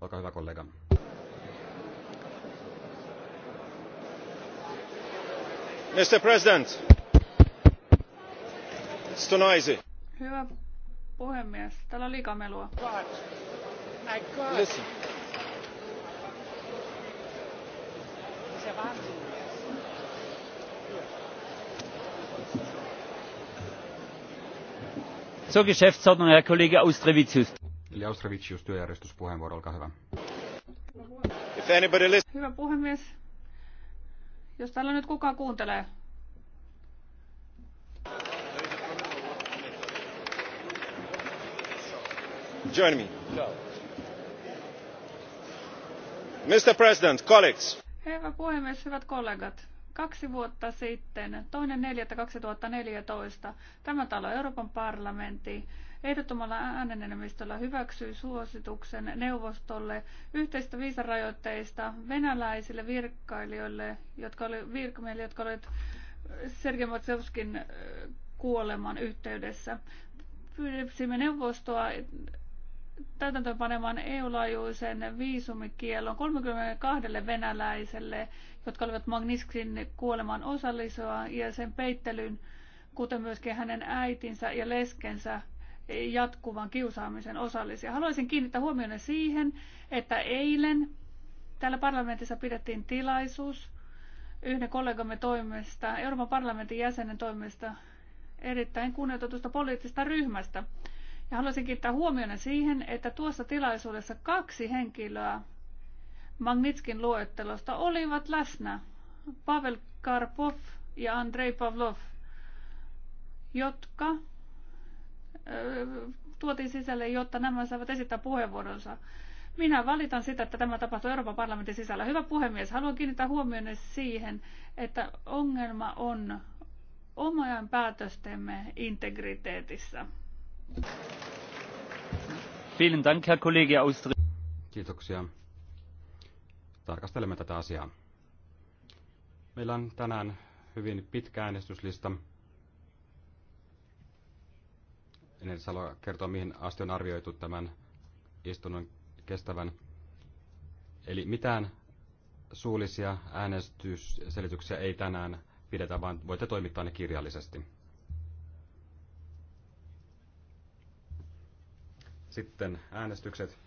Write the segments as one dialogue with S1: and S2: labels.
S1: Olkaa hyvä kollega. Mr. President, it's
S2: Hyvä puhemies, täällä on liikaa melua.
S1: So geschäftsordnung herr kollege austrevicius. Eli Austravicius, työjärjestyspuheenvuoro, olkaa hyvä.
S2: Hyvä puhemies. Jos täällä nyt kukaan kuuntelee.
S1: Join me. Mr. President, colleagues.
S2: Hyvä puhemies, hyvät kollegat. Kaksi vuotta sitten, toinen 4.2014, tämä talo Euroopan parlamentti ehdottomalla äänenenemmistöllä hyväksyi suosituksen neuvostolle yhteistä viisarajoitteista venäläisille virkailijoille, jotka oli, virkamiehille, jotka olivat Sergei Matsevskin kuoleman yhteydessä. Pyysimme neuvostoa täytäntöönpanemaan EU-laajuisen viisumikielon 32 venäläiselle, jotka olivat Magnitskin kuolemaan osallisua ja sen peittelyn, kuten myöskin hänen äitinsä ja leskensä jatkuvan kiusaamisen osallisia. Haluaisin kiinnittää huomioon siihen, että eilen täällä parlamentissa pidettiin tilaisuus yhden kollegamme toimesta, Euroopan parlamentin jäsenen toimesta, erittäin kunnioitetusta poliittisesta ryhmästä – ja haluaisin kiittää huomiona siihen, että tuossa tilaisuudessa kaksi henkilöä Magnitskin luettelosta olivat läsnä. Pavel Karpov ja Andrei Pavlov, jotka tuotiin sisälle, jotta nämä saavat esittää puheenvuoronsa. Minä valitan sitä, että tämä tapahtuu Euroopan parlamentin sisällä. Hyvä puhemies, haluan kiinnittää huomioon siihen, että ongelma on omajan päätöstemme integriteetissä.
S1: Vielen Dank, Herr Kollege Austri. Kiitoksia. Tarkastelemme tätä asiaa. Meillä on tänään hyvin pitkä äänestyslista. En halua kertoa, mihin asti on arvioitu tämän istunnon kestävän. Eli mitään suullisia äänestysselityksiä ei tänään pidetä, vaan voitte toimittaa ne kirjallisesti. Sitten äänestykset.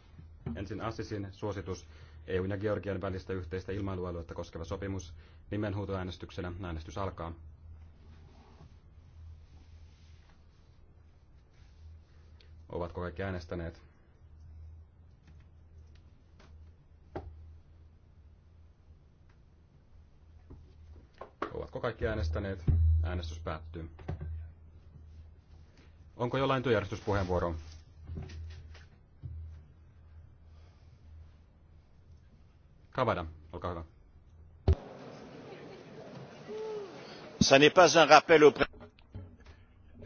S1: Ensin Assisin suositus EU- ja Georgian välistä yhteistä ilmailualuetta koskeva sopimus. Nimenhuutoäänestyksenä äänestys alkaa. Ovatko kaikki äänestäneet? Ovatko kaikki äänestäneet? Äänestys päättyy. Onko jollain työjärjestyspuheenvuoro? Kavada, olkaa hyvä.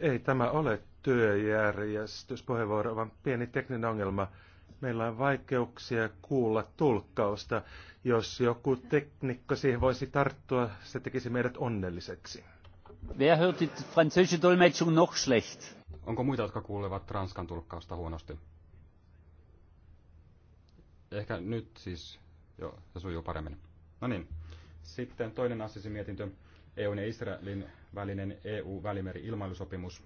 S1: Ei tämä ole työjärjestyspuheenvuoro, vaan pieni tekninen ongelma. Meillä on vaikeuksia kuulla tulkkausta. Jos joku teknikko siihen voisi tarttua, se tekisi meidät onnelliseksi. Wer hört die französische Dolmetschung noch schlecht? Onko muita, jotka kuulevat ranskan tulkkausta huonosti? Ehkä nyt siis Joo, se sujuu paremmin. No niin. Sitten toinen assisi mietintö, eu ja Israelin välinen EU-välimeri-ilmailusopimus.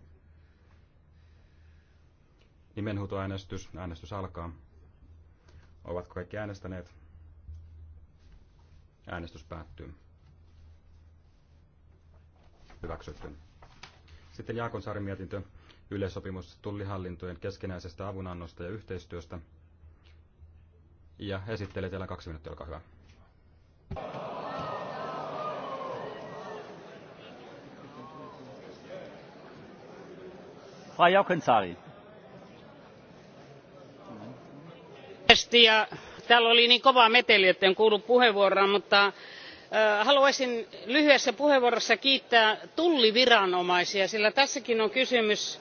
S1: Nimenhuutoäänestys, äänestys alkaa. Ovatko kaikki äänestäneet? Äänestys päättyy. Hyväksytty. Sitten Jaakonsaaren mietintö, yleissopimus tullihallintojen keskinäisestä avunannosta ja yhteistyöstä – ja esittelee teillä kaksi minuuttia, olkaa hyvä.
S2: Faija Kensaari. Ja täällä oli niin kova meteli, että en kuullut puheenvuoroa, mutta haluaisin lyhyessä puheenvuorossa kiittää tulliviranomaisia, sillä tässäkin on kysymys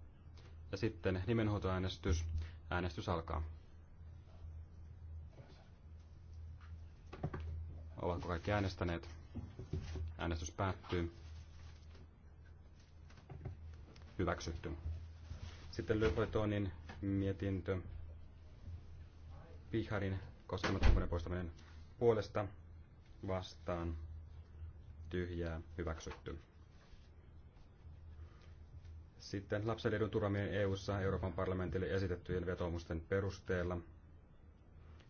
S1: ja sitten nimenhuutoäänestys. Äänestys alkaa. Ovatko kaikki äänestäneet? Äänestys päättyy. Hyväksytty. Sitten Lyhoitonin mietintö. Piharin koskemattomuuden poistaminen puolesta vastaan tyhjää hyväksytty. Sitten lapsen edun turvaaminen EU-ssa Euroopan parlamentille esitettyjen vetoomusten perusteella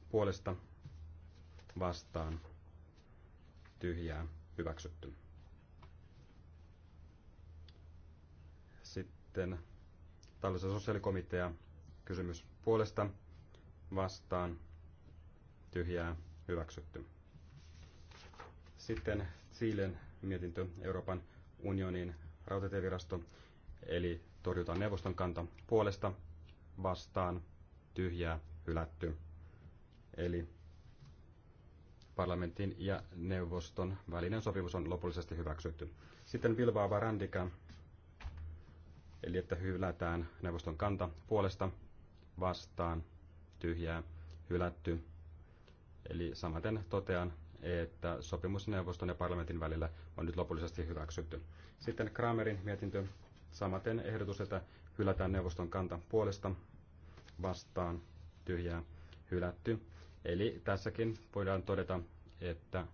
S1: puolesta vastaan tyhjää hyväksytty. Sitten tällaisen sosiaalikomitea kysymys puolesta vastaan tyhjää hyväksytty. Sitten Siilen mietintö Euroopan unionin rautatievirasto Eli torjutaan neuvoston kanta puolesta vastaan tyhjää hylätty. Eli parlamentin ja neuvoston välinen sopimus on lopullisesti hyväksytty. Sitten Bilbao Barandika, eli että hylätään neuvoston kanta puolesta vastaan tyhjää hylätty. Eli samaten totean, että sopimus neuvoston ja parlamentin välillä on nyt lopullisesti hyväksytty. Sitten Kramerin mietintö Samaten ehdotus, että hylätään neuvoston kanta puolesta vastaan tyhjää hylätty. Eli tässäkin voidaan todeta, että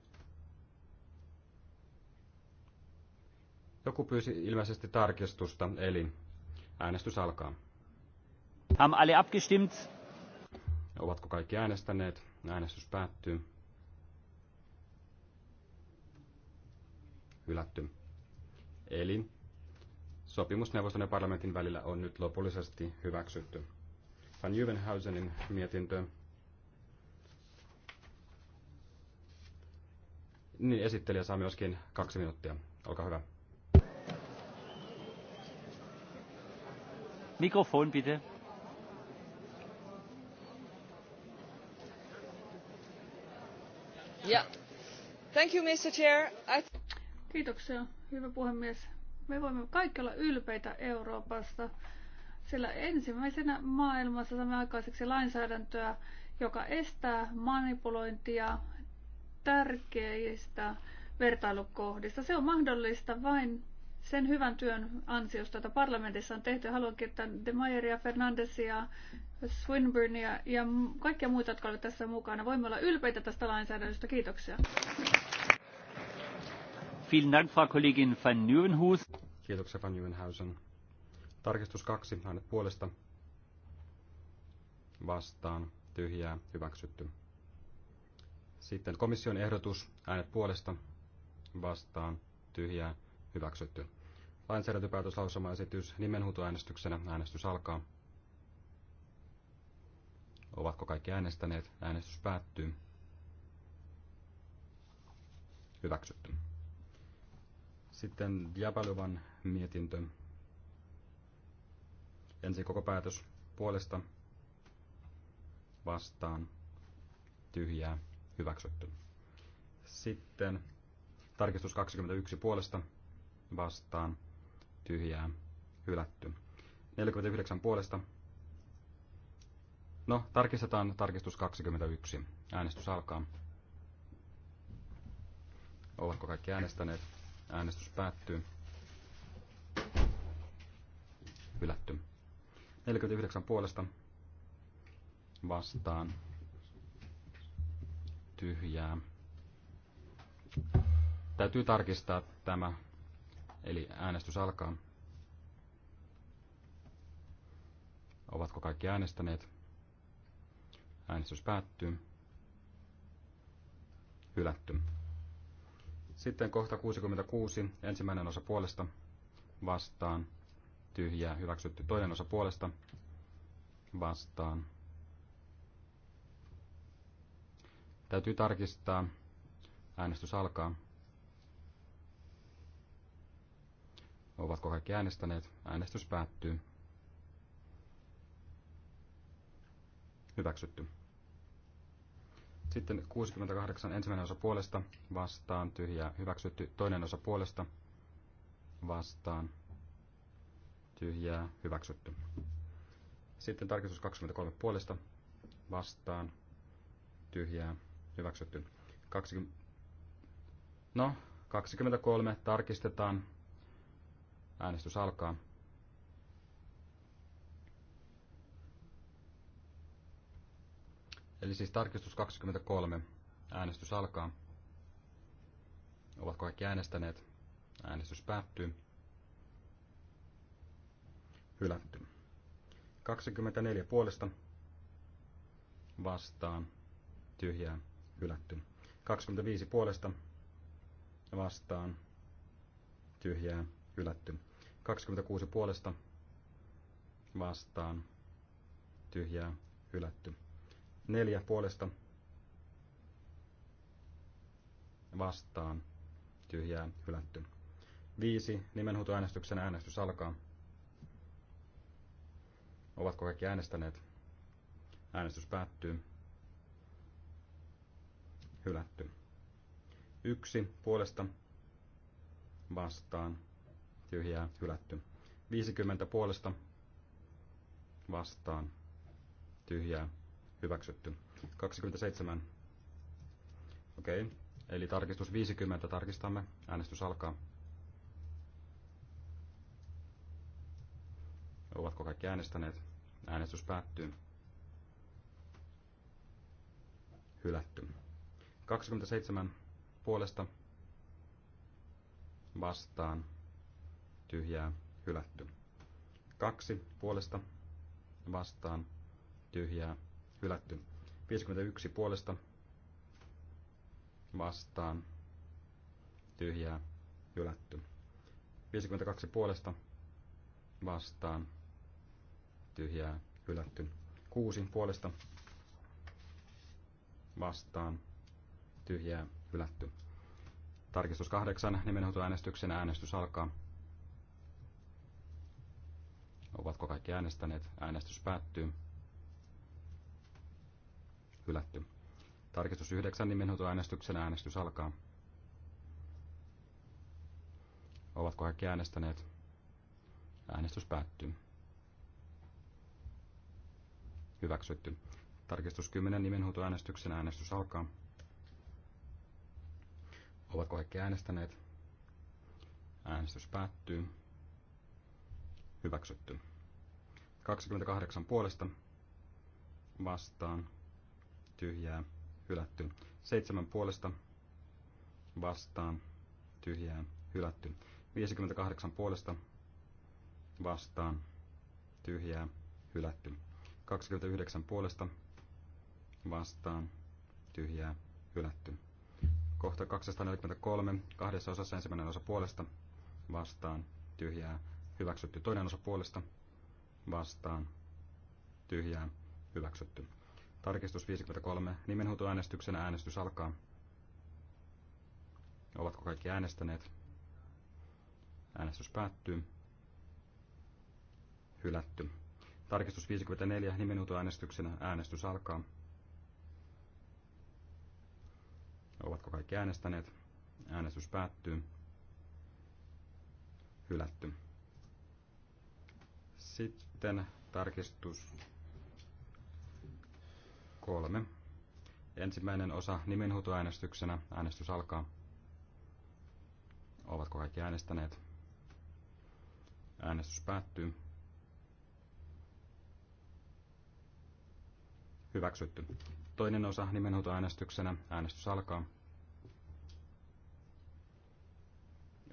S1: joku pyysi ilmeisesti tarkistusta, eli äänestys alkaa. Haben alle abgestimmt? Ovatko kaikki äänestäneet? Äänestys päättyy. Hylätty. Eli sopimusneuvoston ja parlamentin välillä on nyt lopullisesti hyväksytty. Van Juvenhausenin mietintö. Niin, esittelijä saa myöskin kaksi minuuttia. Olkaa hyvä.
S2: Mikrofon, bitte. Yeah. Thank you, Mr. Chair. I... Kiitoksia, hyvä puhemies. Me voimme kaikki olla ylpeitä Euroopasta, sillä ensimmäisenä maailmassa saamme aikaiseksi lainsäädäntöä, joka estää manipulointia tärkeistä vertailukohdista. Se on mahdollista vain sen hyvän työn ansiosta, jota parlamentissa on tehty. Haluan kiittää De Maieria, Fernandesia, Swinburnea ja kaikkia muita, jotka olivat tässä mukana. Voimme olla ylpeitä tästä lainsäädännöstä. Kiitoksia.
S1: Vielen Dank, Frau Kollegin van Nieuwenhuis. Kiitoksia van Nieuwenhuisen. Tarkistus kaksi, hänet puolesta vastaan, tyhjää, hyväksytty. Sitten komission ehdotus, äänet puolesta, vastaan, tyhjää, hyväksytty. Lainsäädäntöpäätöslausumaesitys nimenhuutoäänestyksenä, äänestys alkaa. Ovatko kaikki äänestäneet? Äänestys päättyy. Hyväksytty. Sitten Diabalovan mietintö. Ensin koko päätös puolesta vastaan tyhjää hyväksytty. Sitten tarkistus 21 puolesta vastaan tyhjää hylätty. 49 puolesta. No, tarkistetaan tarkistus 21. Äänestys alkaa. Ovatko kaikki äänestäneet? Äänestys päättyy. Hylätty. 49 puolesta vastaan. Tyhjää. Täytyy tarkistaa tämä. Eli äänestys alkaa. Ovatko kaikki äänestäneet? Äänestys päättyy. Hylätty. Sitten kohta 66, ensimmäinen osa puolesta, vastaan, tyhjää, hyväksytty. Toinen osa puolesta, vastaan. Täytyy tarkistaa. Äänestys alkaa. Ovatko kaikki äänestäneet? Äänestys päättyy. Hyväksytty. Sitten 68 ensimmäinen osa puolesta vastaan tyhjää hyväksytty. Toinen osa puolesta vastaan tyhjää hyväksytty. Sitten tarkistus 23 puolesta vastaan tyhjää hyväksytty. 20, no, 23 tarkistetaan. Äänestys alkaa. Eli siis tarkistus 23. Äänestys alkaa. Ovatko kaikki äänestäneet? Äänestys päättyy. Hylätty. 24 puolesta vastaan tyhjää hylätty. 25 puolesta vastaan tyhjää hylätty. 26 puolesta vastaan tyhjää hylätty. Neljä puolesta vastaan tyhjää hylätty. Viisi nimenhuutoäänestyksen äänestys alkaa. Ovatko kaikki äänestäneet? Äänestys päättyy. Hylätty. Yksi puolesta vastaan tyhjää hylätty. 50 puolesta vastaan tyhjää hyväksytty. 27. Okei. Okay. Eli tarkistus 50 tarkistamme. Äänestys alkaa. Ovatko kaikki äänestäneet? Äänestys päättyy. Hylätty. 27 puolesta vastaan tyhjää hylätty. 2 puolesta vastaan tyhjää hylätty. 51 puolesta vastaan tyhjää hylätty. 52 puolesta vastaan tyhjää hylätty. 6 puolesta vastaan tyhjää hylätty. Tarkistus 8 äänestyksen äänestys alkaa. Ovatko kaikki äänestäneet? Äänestys päättyy hylätty. Tarkistus 9 nimenhuutoäänestyksen äänestys alkaa. Ovatko kaikki äänestäneet? Äänestys päättyy. Hyväksytty. Tarkistus 10 nimenhuutoäänestyksen äänestys alkaa. Ovatko kaikki äänestäneet? Äänestys päättyy. Hyväksytty. 28 puolesta vastaan tyhjää, hylätty. Seitsemän puolesta vastaan, tyhjää, hylätty. 58 puolesta vastaan, tyhjää, hylätty. 29 puolesta vastaan, tyhjää, hylätty. Kohta 243, kahdessa osassa ensimmäinen osa puolesta vastaan, tyhjää, hyväksytty. Toinen osa puolesta vastaan, tyhjää, hyväksytty. Tarkistus 53. Nimenhuutoäänestyksen äänestys alkaa. Ovatko kaikki äänestäneet? Äänestys päättyy. Hylätty. Tarkistus 54. Nimenhuutoäänestyksen äänestys alkaa. Ovatko kaikki äänestäneet? Äänestys päättyy. Hylätty. Sitten tarkistus kolme. Ensimmäinen osa nimenhuutoäänestyksenä. Äänestys alkaa. Ovatko kaikki äänestäneet? Äänestys päättyy. Hyväksytty. Toinen osa nimenhuutoäänestyksenä. Äänestys alkaa.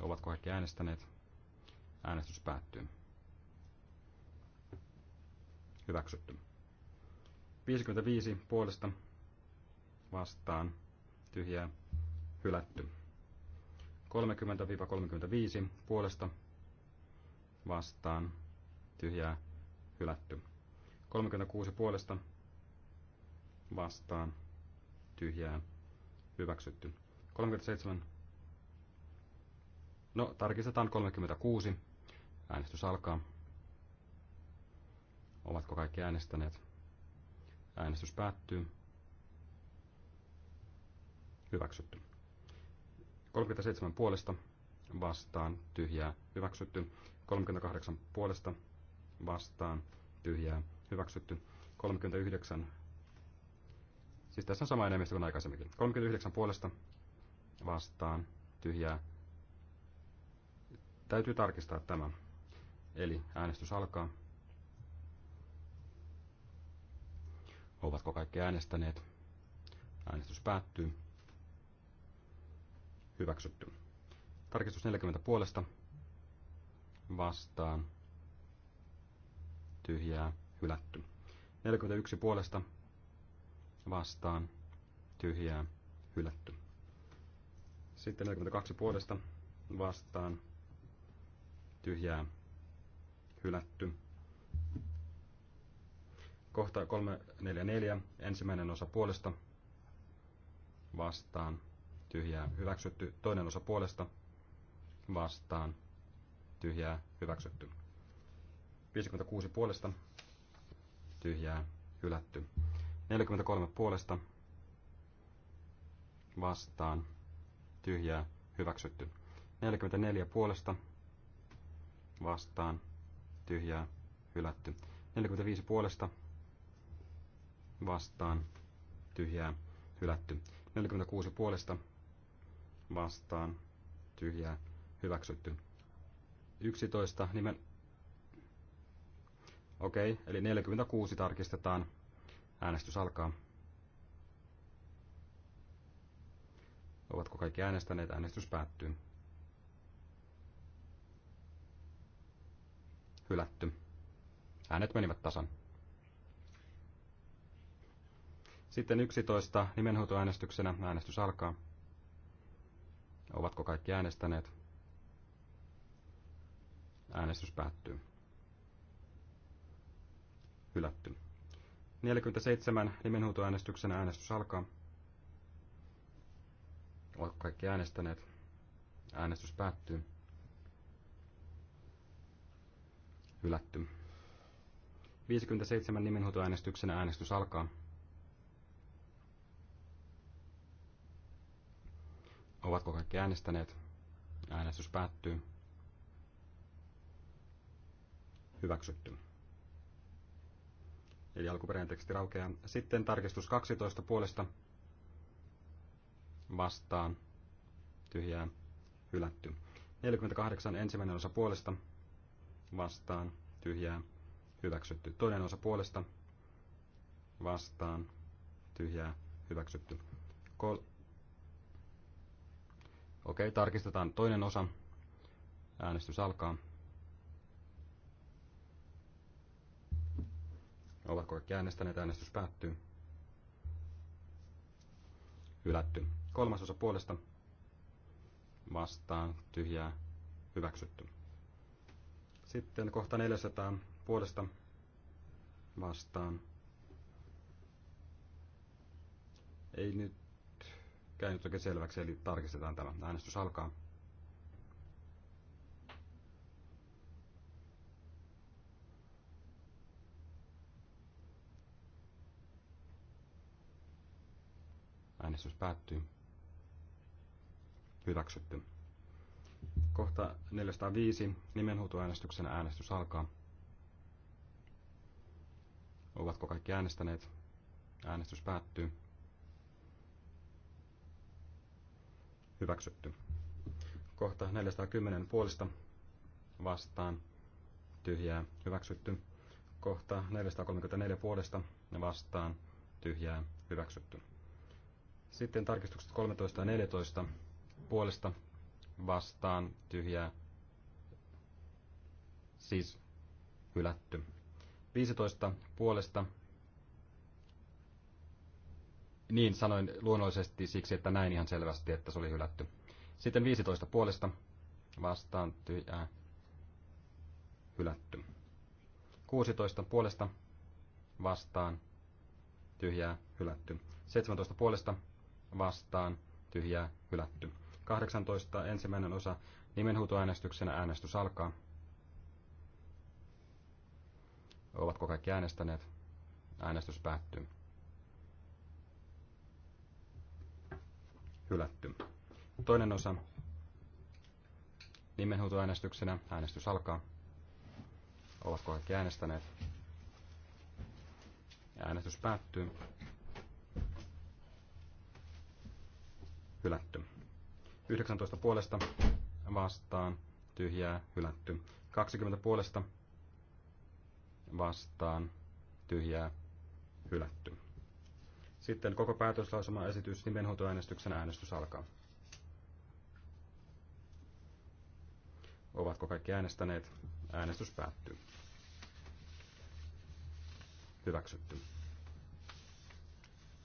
S1: Ovatko kaikki äänestäneet? Äänestys päättyy. Hyväksytty. 55 puolesta vastaan tyhjää hylätty. 30-35 puolesta vastaan tyhjää hylätty. 36 puolesta vastaan tyhjää hyväksytty. 37. No, tarkistetaan 36. Äänestys alkaa. Ovatko kaikki äänestäneet? Äänestys päättyy. Hyväksytty. 37 puolesta vastaan tyhjää hyväksytty. 38 puolesta vastaan tyhjää hyväksytty. 39. Siis tässä on sama enemmistö kuin aikaisemminkin. 39 puolesta vastaan tyhjää. Täytyy tarkistaa tämä. Eli äänestys alkaa. Ovatko kaikki äänestäneet? Äänestys päättyy. Hyväksytty. Tarkistus 40 puolesta. Vastaan. Tyhjää. Hylätty. 41 puolesta. Vastaan. Tyhjää. Hylätty. Sitten 42 puolesta. Vastaan. Tyhjää. Hylätty. Kohta 344, ensimmäinen osa puolesta vastaan, tyhjää hyväksytty. Toinen osa puolesta vastaan, tyhjää hyväksytty. 56 puolesta, tyhjää hylätty. 43 puolesta vastaan, tyhjää hyväksytty. 44 puolesta vastaan, tyhjää hylätty. 45 puolesta vastaan tyhjää hylätty. 46 puolesta vastaan tyhjää hyväksytty. 11 nimen... Okei, okay, eli 46 tarkistetaan. Äänestys alkaa. Ovatko kaikki äänestäneet? Äänestys päättyy. Hylätty. Äänet menivät tasan. Sitten 11 nimenhoitoäänestyksenä äänestys alkaa. Ovatko kaikki äänestäneet? Äänestys päättyy. Hylätty. 47 nimenhuutoäänestyksen äänestys alkaa. Ovatko kaikki äänestäneet? Äänestys päättyy. Hylätty. 57 nimenhuutoäänestyksen äänestys alkaa. Ovatko kaikki äänestäneet? Äänestys päättyy. Hyväksytty. Eli alkuperäinen teksti raukeaa. Sitten tarkistus 12 puolesta vastaan tyhjää hylätty. 48 ensimmäinen osa puolesta vastaan tyhjää hyväksytty. Toinen osa puolesta vastaan tyhjää hyväksytty. Kol- Okei, tarkistetaan toinen osa. Äänestys alkaa. Ovatko kaikki äänestäneet? Äänestys päättyy. Hylätty. Kolmas osa puolesta. Vastaan. Tyhjää. Hyväksytty. Sitten kohta 400 puolesta. Vastaan. Ei nyt käynyt oikein selväksi, eli tarkistetaan tämä. Äänestys alkaa. Äänestys päättyy. Hyväksytty. Kohta 405. Nimenhuutoäänestyksen äänestys alkaa. Ovatko kaikki äänestäneet? Äänestys päättyy. Hyväksytty. Kohta 410 puolesta vastaan. Tyhjää. Hyväksytty. Kohta 434 puolesta vastaan. Tyhjää. Hyväksytty. Sitten tarkistukset 13 ja 14 puolesta vastaan. Tyhjää. Siis hylätty. 15 puolesta niin, sanoin luonnollisesti siksi, että näin ihan selvästi, että se oli hylätty. Sitten 15 puolesta vastaan tyhjää hylätty. 16 puolesta vastaan tyhjää hylätty. 17 puolesta vastaan tyhjää hylätty. 18 ensimmäinen osa nimenhuutoäänestyksenä äänestys alkaa. Ovatko kaikki äänestäneet? Äänestys päättyy. hylätty. Toinen osa nimenhuutoäänestyksenä. Äänestys alkaa. Ovatko kaikki äänestäneet? Äänestys päättyy. Hylätty. 19 puolesta vastaan tyhjää hylätty. 20 puolesta vastaan tyhjää hylätty. Sitten koko päätöslausumaesitys nimenhuutoäänestyksen äänestys alkaa. Ovatko kaikki äänestäneet? Äänestys päättyy. Hyväksytty.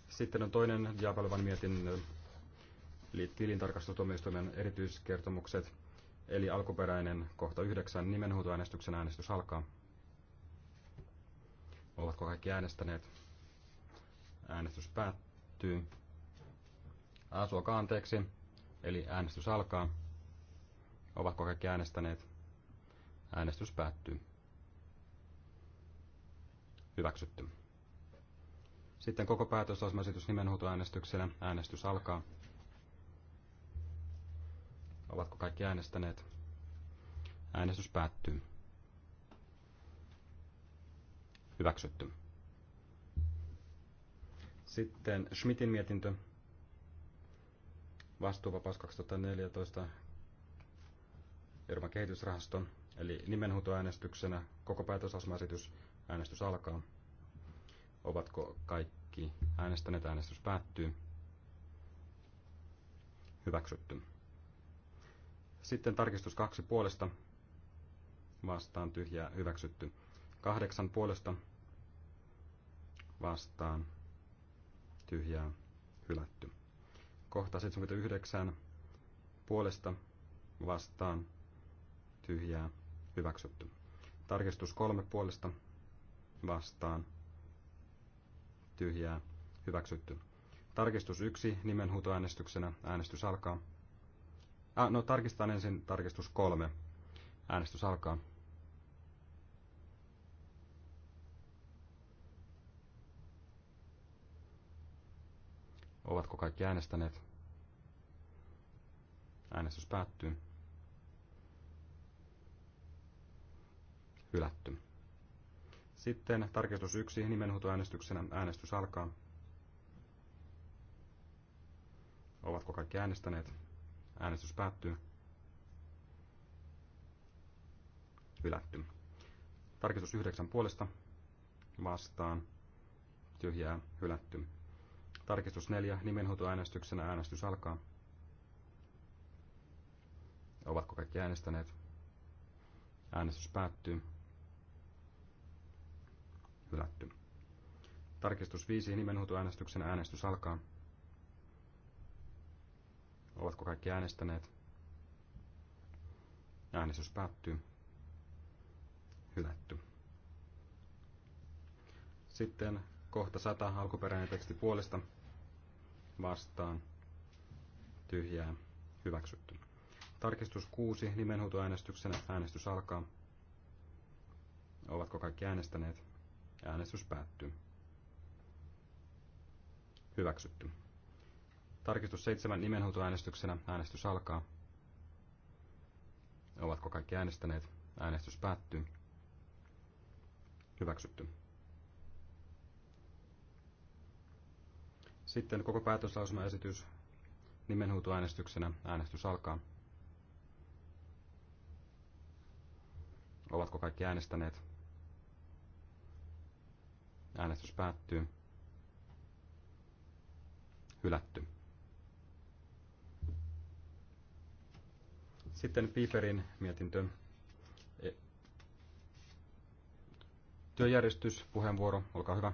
S1: Sitten on toinen Jaapalvan mietin äh, tilintarkastustuomioistuimen erityiskertomukset, eli alkuperäinen kohta yhdeksän nimenhuutoäänestyksen äänestys alkaa. Ovatko kaikki äänestäneet? Äänestys päättyy. Ää, suokaa anteeksi. Eli äänestys alkaa. Ovatko kaikki äänestäneet? Äänestys päättyy. Hyväksytty. Sitten koko päätösasmaesitys nimenhuutoäänestyksellä. Äänestys alkaa. Ovatko kaikki äänestäneet? Äänestys päättyy. Hyväksytty. Sitten Schmidtin mietintö. Vastuuvapaus 2014 Euroopan kehitysrahaston, eli nimenhuutoäänestyksenä koko päätösasmaesitys, äänestys alkaa. Ovatko kaikki äänestäneet? Äänestys päättyy. Hyväksytty. Sitten tarkistus kaksi puolesta. Vastaan tyhjää hyväksytty. Kahdeksan puolesta. Vastaan tyhjää hylätty. Kohta 79 puolesta vastaan tyhjää hyväksytty. Tarkistus kolme puolesta vastaan tyhjää hyväksytty. Tarkistus yksi nimenhuutoäänestyksenä. Äänestys alkaa. Ah, no tarkistan ensin tarkistus kolme. Äänestys alkaa. Ovatko kaikki äänestäneet? Äänestys päättyy. Hylätty. Sitten tarkistus 1 nimenhuutoäänestyksenä. Äänestys alkaa. Ovatko kaikki äänestäneet? Äänestys päättyy. Hylätty. Tarkistus 9 puolesta. Vastaan. Tyhjää. Hylätty. Tarkistus 4. Nimenhoitoäänestyksenä äänestys alkaa. Ovatko kaikki äänestäneet? Äänestys päättyy. Hylätty. Tarkistus 5. Nimenhoitoäänestyksenä äänestys alkaa. Ovatko kaikki äänestäneet? Äänestys päättyy. Hylätty. Sitten kohta 100 alkuperäinen teksti puolesta vastaan tyhjää hyväksytty. Tarkistus 6 nimenhuutoäänestyksenä. Äänestys alkaa. Ovatko kaikki äänestäneet? Äänestys päättyy. Hyväksytty. Tarkistus 7 nimenhuutoäänestyksenä. Äänestys alkaa. Ovatko kaikki äänestäneet? Äänestys päättyy. Hyväksytty. Sitten koko päätöslausumaesitys nimenhuutoäänestyksenä. Äänestys alkaa. Ovatko kaikki äänestäneet? Äänestys päättyy. Hylätty. Sitten Piperin mietintö. E- Työjärjestys, puheenvuoro, olkaa hyvä.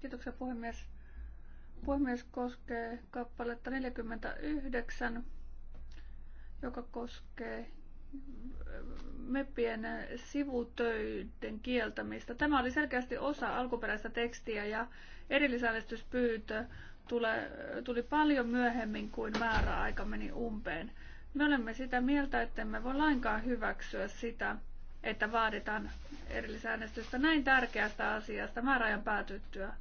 S2: Kiitoksia puhemies. Puhemies koskee kappaletta 49, joka koskee äh, MEPien sivutöiden kieltämistä. Tämä oli selkeästi osa alkuperäistä tekstiä ja erillisäänestyspyyntö tuli paljon myöhemmin kuin määräaika meni umpeen. Me olemme sitä mieltä, että emme voi lainkaan hyväksyä sitä, että vaaditaan erillisäänestystä näin tärkeästä asiasta määräajan päätyttyä.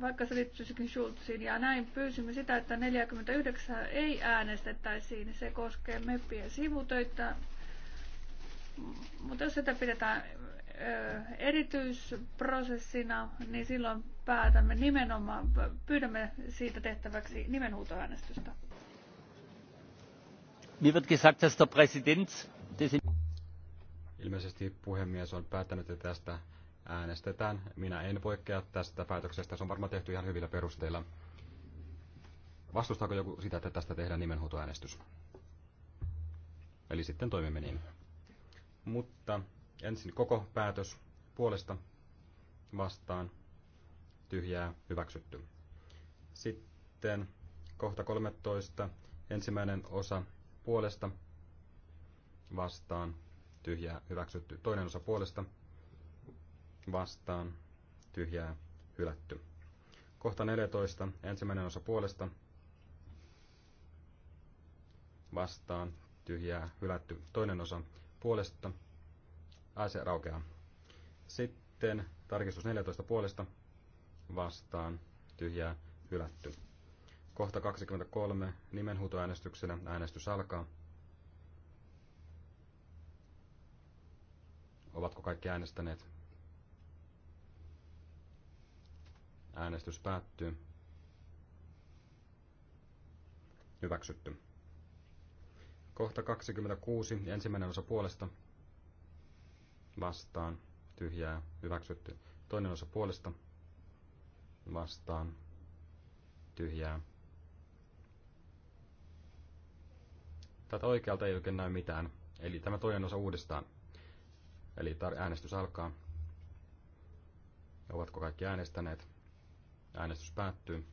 S2: Vaikka se liittyisikin Schulziin ja näin pyysimme sitä, että 49 ei äänestettäisiin. Se koskee meppien sivutöitä. Mutta jos sitä pidetään erityisprosessina, niin silloin päätämme nimenomaan, pyydämme siitä tehtäväksi nimenhuutoäänestystä. Mir wird gesagt, dass der Präsident des
S1: Ilmeisesti puhemies on päättänyt, että tästä äänestetään. Minä en poikkea tästä päätöksestä. Se on varmaan tehty ihan hyvillä perusteilla. Vastustaako joku sitä, että tästä tehdään nimenhuutoäänestys? Eli sitten toimimme niin. Mutta ensin koko päätös puolesta vastaan tyhjää hyväksytty. Sitten kohta 13, ensimmäinen osa puolesta vastaan tyhjää hyväksytty. Toinen osa puolesta vastaan tyhjää hylätty. Kohta 14. Ensimmäinen osa puolesta vastaan tyhjää hylätty. Toinen osa puolesta. Ai raukeaa. Sitten tarkistus 14 puolesta vastaan tyhjää hylätty. Kohta 23. Nimenhuutoäänestyksenä äänestys alkaa. Ovatko kaikki äänestäneet? Äänestys päättyy. Hyväksytty. Kohta 26. Ensimmäinen osa puolesta. Vastaan. Tyhjää. Hyväksytty. Toinen osa puolesta. Vastaan. Tyhjää Tätä oikealta ei oikein näy mitään. Eli tämä toinen osa uudestaan. Eli tar- äänestys alkaa. Ovatko kaikki äänestäneet? Äänestys päättyy.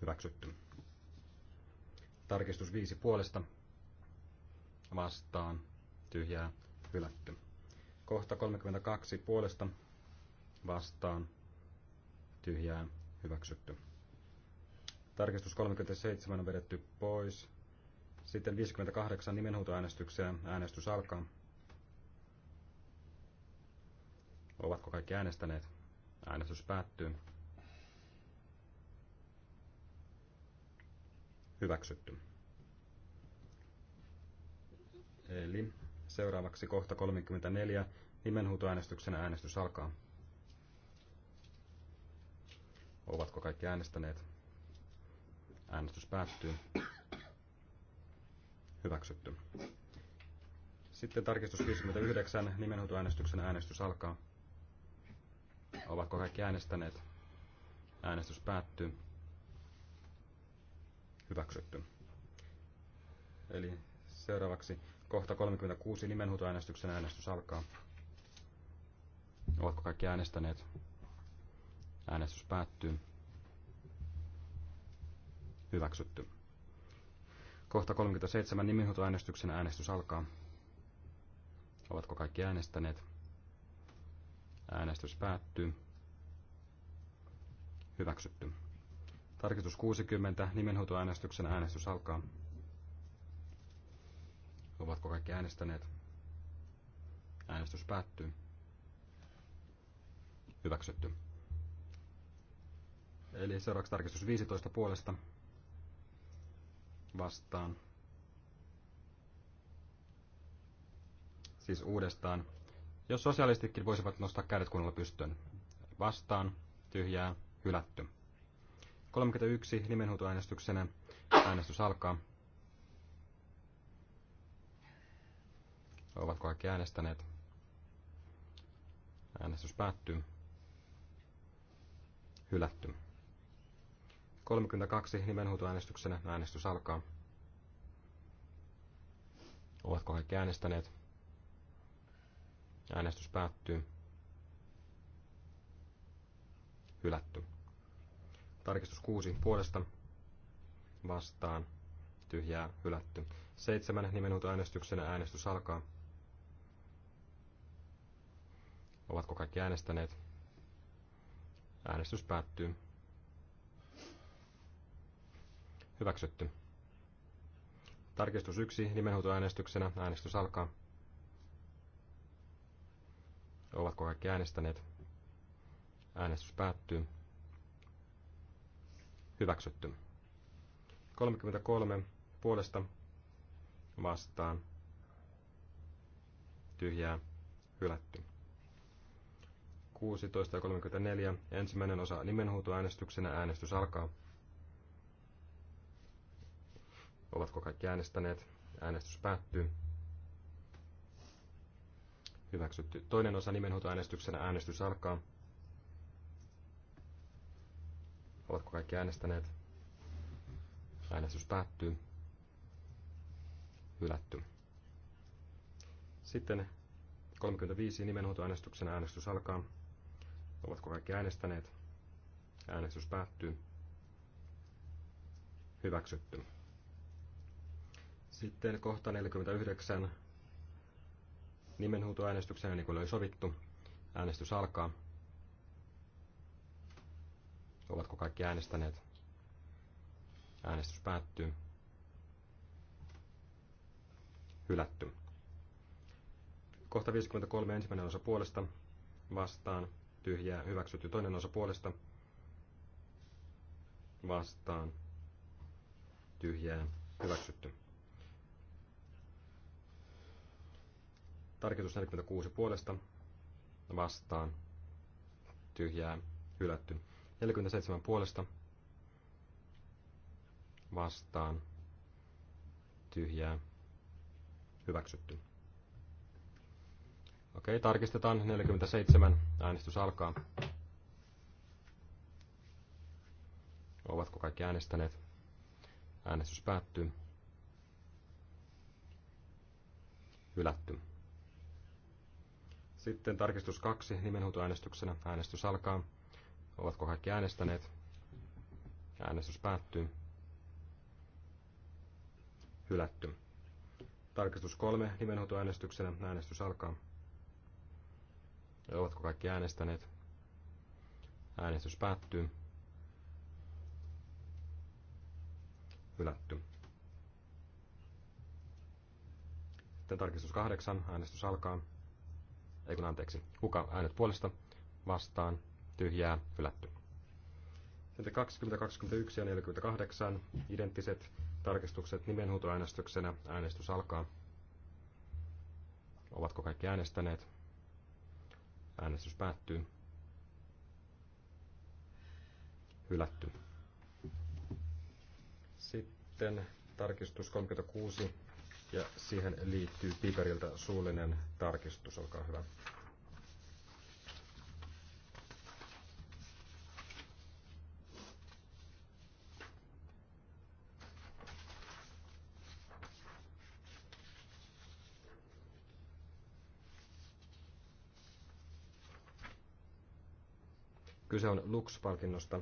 S1: Hyväksytty. Tarkistus viisi puolesta. Vastaan. Tyhjää. Hylätty. Kohta 32 puolesta. Vastaan. Tyhjää hyväksytty. Tarkistus 37 on vedetty pois. Sitten 58 nimenhuutoäänestykseen. Äänestys alkaa. Ovatko kaikki äänestäneet? Äänestys päättyy. Hyväksytty. Eli seuraavaksi kohta 34 nimenhuutoäänestyksen äänestys alkaa. Ovatko kaikki äänestäneet? Äänestys päättyy. Hyväksytty. Sitten tarkistus 59. Nimenhoitoäänestyksen äänestys alkaa. Ovatko kaikki äänestäneet? Äänestys päättyy. Hyväksytty. Eli seuraavaksi kohta 36 nimenhoitoäänestyksen äänestys alkaa. Ovatko kaikki äänestäneet? Äänestys päättyy. Hyväksytty. Kohta 37 nimihuutoäänestyksen äänestys alkaa. Ovatko kaikki äänestäneet? Äänestys päättyy. Hyväksytty. Tarkistus 60. Nimenhuutoäänestyksen äänestys alkaa. Ovatko kaikki äänestäneet? Äänestys päättyy. Hyväksytty. Eli seuraavaksi tarkistus 15 puolesta vastaan. Siis uudestaan. Jos sosialistitkin voisivat nostaa kädet kunnolla pystyyn. Vastaan, tyhjää, hylätty. 31 nimenhuutoäänestyksenä. Äänestys alkaa. Ovatko kaikki äänestäneet? Äänestys päättyy. Hylätty. 32 nimenhuutoäänestyksenä äänestys alkaa. Ovatko kaikki äänestäneet? Äänestys päättyy. Hylätty. Tarkistus 6 puolesta vastaan tyhjää hylätty. 7 nimenhuutoäänestyksenä äänestys alkaa. Ovatko kaikki äänestäneet? Äänestys päättyy. Hyväksytty. Tarkistus 1 nimenhuutoäänestyksenä. Äänestys alkaa. Ovatko kaikki äänestäneet? Äänestys päättyy. Hyväksytty. 33 puolesta vastaan. Tyhjää. Hylätty. 16.34. Ensimmäinen osa nimenhuutoäänestyksenä. Äänestys alkaa. Ovatko kaikki äänestäneet? Äänestys päättyy. Hyväksytty. Toinen osa nimenhoitoäänestyksenä. Äänestys alkaa. Ovatko kaikki äänestäneet? Äänestys päättyy. Hylätty. Sitten 35 nimenhoitoäänestyksenä. äänestys alkaa. Ovatko kaikki äänestäneet? Äänestys päättyy. Hyväksytty. Sitten kohta 49 äänestyksenä niin kuin oli sovittu. Äänestys alkaa. Ovatko kaikki äänestäneet? Äänestys päättyy. Hylätty. Kohta 53 ensimmäinen osa puolesta. Vastaan. Tyhjää. Hyväksytty toinen osa puolesta. Vastaan. Tyhjää. Hyväksytty. Tarkistus 46 puolesta vastaan tyhjää hylätty. 47 puolesta vastaan tyhjää hyväksytty. Okei, tarkistetaan 47. Äänestys alkaa. Ovatko kaikki äänestäneet? Äänestys päättyy. Hylätty. Sitten tarkistus kaksi nimenhuutoäänestyksenä. Äänestys alkaa. Ovatko kaikki äänestäneet? Äänestys päättyy. Hylätty. Tarkistus kolme nimenhuutoäänestyksenä. Äänestys alkaa. Ovatko kaikki äänestäneet? Äänestys päättyy. Hylätty. Sitten tarkistus kahdeksan. Äänestys alkaa ei kun anteeksi, kuka äänet puolesta vastaan, tyhjää, hylätty. Sitten 20, 21 ja 48 identtiset tarkistukset nimenhuutoäänestyksenä. Äänestys alkaa. Ovatko kaikki äänestäneet? Äänestys päättyy. Hylätty. Sitten tarkistus 36 ja siihen liittyy Piperiltä suullinen tarkistus, olkaa hyvä. Kyse on Lux-palkinnosta,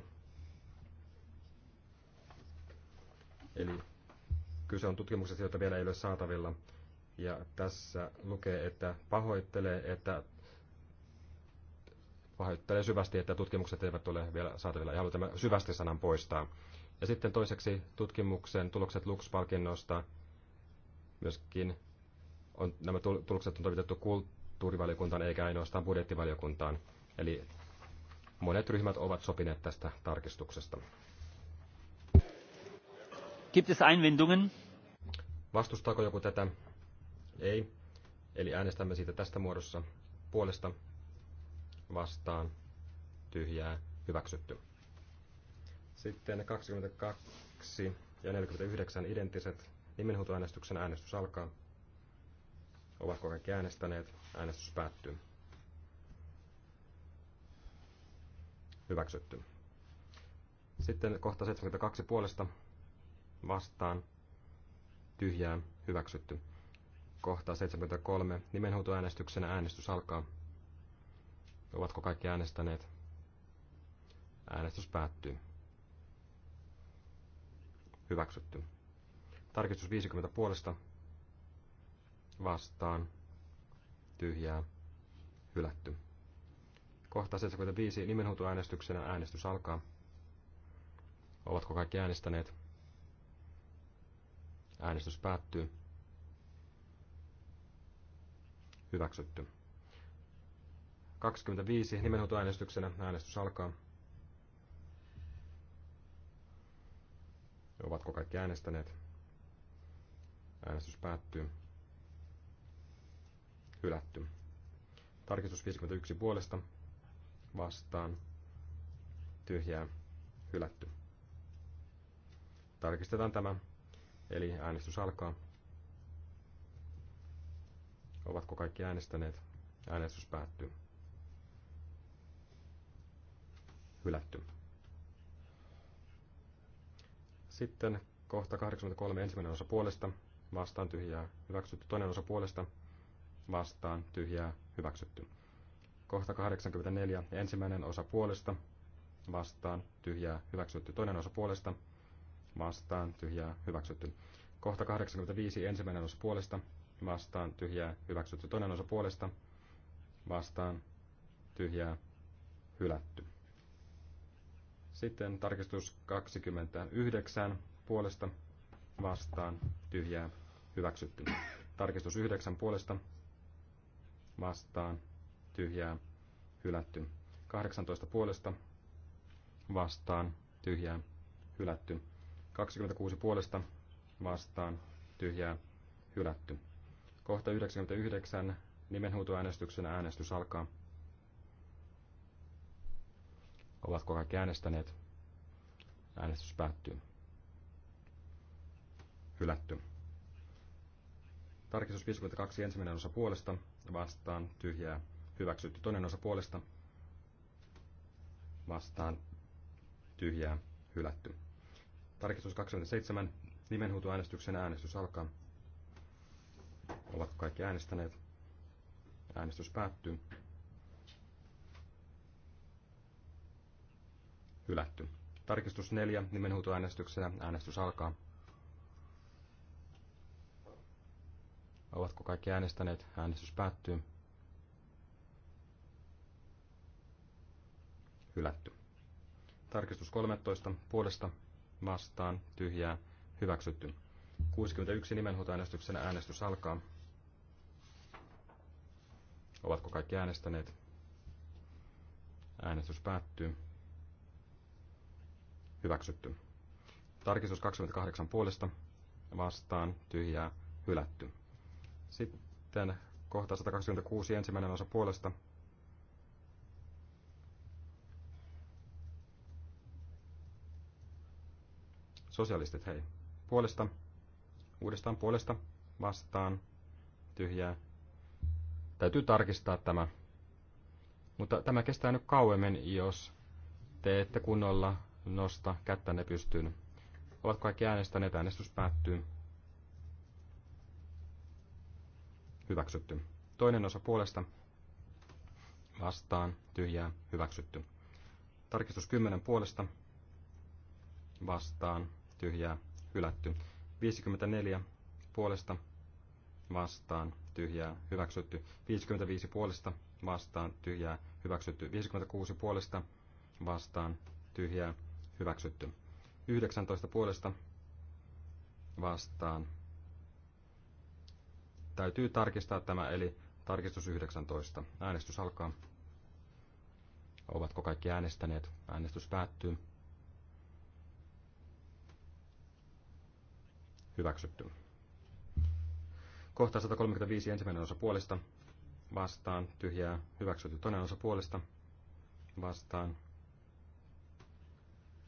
S1: Kyse on tutkimuksesta, jota vielä ei ole saatavilla. Ja tässä lukee, että pahoittelee, että pahoittelee syvästi, että tutkimukset eivät ole vielä saatavilla. Ja haluan tämän syvästi sanan poistaa. Ja sitten toiseksi tutkimuksen tulokset Lux-palkinnosta myöskin on, nämä tulokset on toimitettu kulttuurivaliokuntaan eikä ainoastaan budjettivaliokuntaan. Eli monet ryhmät ovat sopineet tästä tarkistuksesta. Gibt es Einwendungen? Vastustaako joku tätä? Ei. Eli äänestämme siitä tästä muodossa puolesta vastaan tyhjää hyväksytty. Sitten 22 ja 49 identtiset nimenhuutoäänestyksen äänestys alkaa. Ovatko kaikki äänestäneet? Äänestys päättyy. Hyväksytty. Sitten kohta 72 puolesta vastaan tyhjää hyväksytty. Kohta 73 nimenhuutoäänestyksenä äänestys alkaa. Ovatko kaikki äänestäneet? Äänestys päättyy. Hyväksytty. Tarkistus 50 puolesta. Vastaan. Tyhjää. Hylätty. Kohta 75 nimenhuutoäänestyksenä äänestys alkaa. Ovatko kaikki äänestäneet? Äänestys päättyy. Hyväksytty. 25 nimenhoitoäänestyksenä äänestys alkaa. Ovatko kaikki äänestäneet? Äänestys päättyy. Hylätty. Tarkistus 51 puolesta. Vastaan. Tyhjää. Hylätty. Tarkistetaan tämä. Eli äänestys alkaa. Ovatko kaikki äänestäneet? Äänestys päättyy. Hylätty. Sitten kohta 83 ensimmäinen osa puolesta, vastaan tyhjää, hyväksytty. Toinen osa puolesta, vastaan tyhjää, hyväksytty. Kohta 84 ensimmäinen osa puolesta, vastaan tyhjää, hyväksytty. Toinen osa puolesta, vastaan tyhjää hyväksytty. Kohta 85 ensimmäinen osa puolesta vastaan tyhjää hyväksytty. Toinen osa puolesta vastaan tyhjää hylätty. Sitten tarkistus 29 puolesta vastaan tyhjää hyväksytty. Tarkistus 9 puolesta vastaan tyhjää hylätty. 18 puolesta vastaan tyhjää hylätty. 26 puolesta vastaan tyhjää hylätty. Kohta 99 nimenhuutoäänestyksen äänestys alkaa. Ovatko kaikki äänestäneet? Äänestys päättyy. Hylätty. Tarkistus 52 ensimmäinen osa puolesta vastaan tyhjää hyväksytty. Toinen osa puolesta vastaan tyhjää hylätty. Tarkistus 27. Nimenhuutoäänestyksen äänestys alkaa. Ovatko kaikki äänestäneet? Äänestys päättyy. Hylätty. Tarkistus 4. Nimenhuutoäänestyksenä äänestys alkaa. Ovatko kaikki äänestäneet? Äänestys päättyy. Hylätty. Tarkistus 13. Puolesta vastaan, tyhjää, hyväksytty. 61 nimenhuutoäänestyksenä äänestys alkaa. Ovatko kaikki äänestäneet? Äänestys päättyy. Hyväksytty. Tarkistus 28 puolesta vastaan tyhjää hylätty. Sitten kohta 126 ensimmäinen osa puolesta Sosialistit, hei. Puolesta. Uudestaan puolesta. Vastaan. Tyhjää. Täytyy tarkistaa tämä. Mutta tämä kestää nyt kauemmin, jos te ette kunnolla nosta kättänne pystyyn. Ovat kaikki äänestäneet, äänestys päättyy. Hyväksytty. Toinen osa puolesta. Vastaan. Tyhjää. Hyväksytty. Tarkistus 10 puolesta. Vastaan tyhjää, hylätty. 54 puolesta vastaan, tyhjää, hyväksytty. 55 puolesta vastaan, tyhjää, hyväksytty. 56 puolesta vastaan, tyhjää, hyväksytty. 19 puolesta vastaan. Täytyy tarkistaa tämä, eli tarkistus 19. Äänestys alkaa. Ovatko kaikki äänestäneet? Äänestys päättyy. Hyväksytty. Kohta 135 ensimmäinen osa puolesta. Vastaan. Tyhjää. Hyväksytty. Toinen osa puolesta. Vastaan.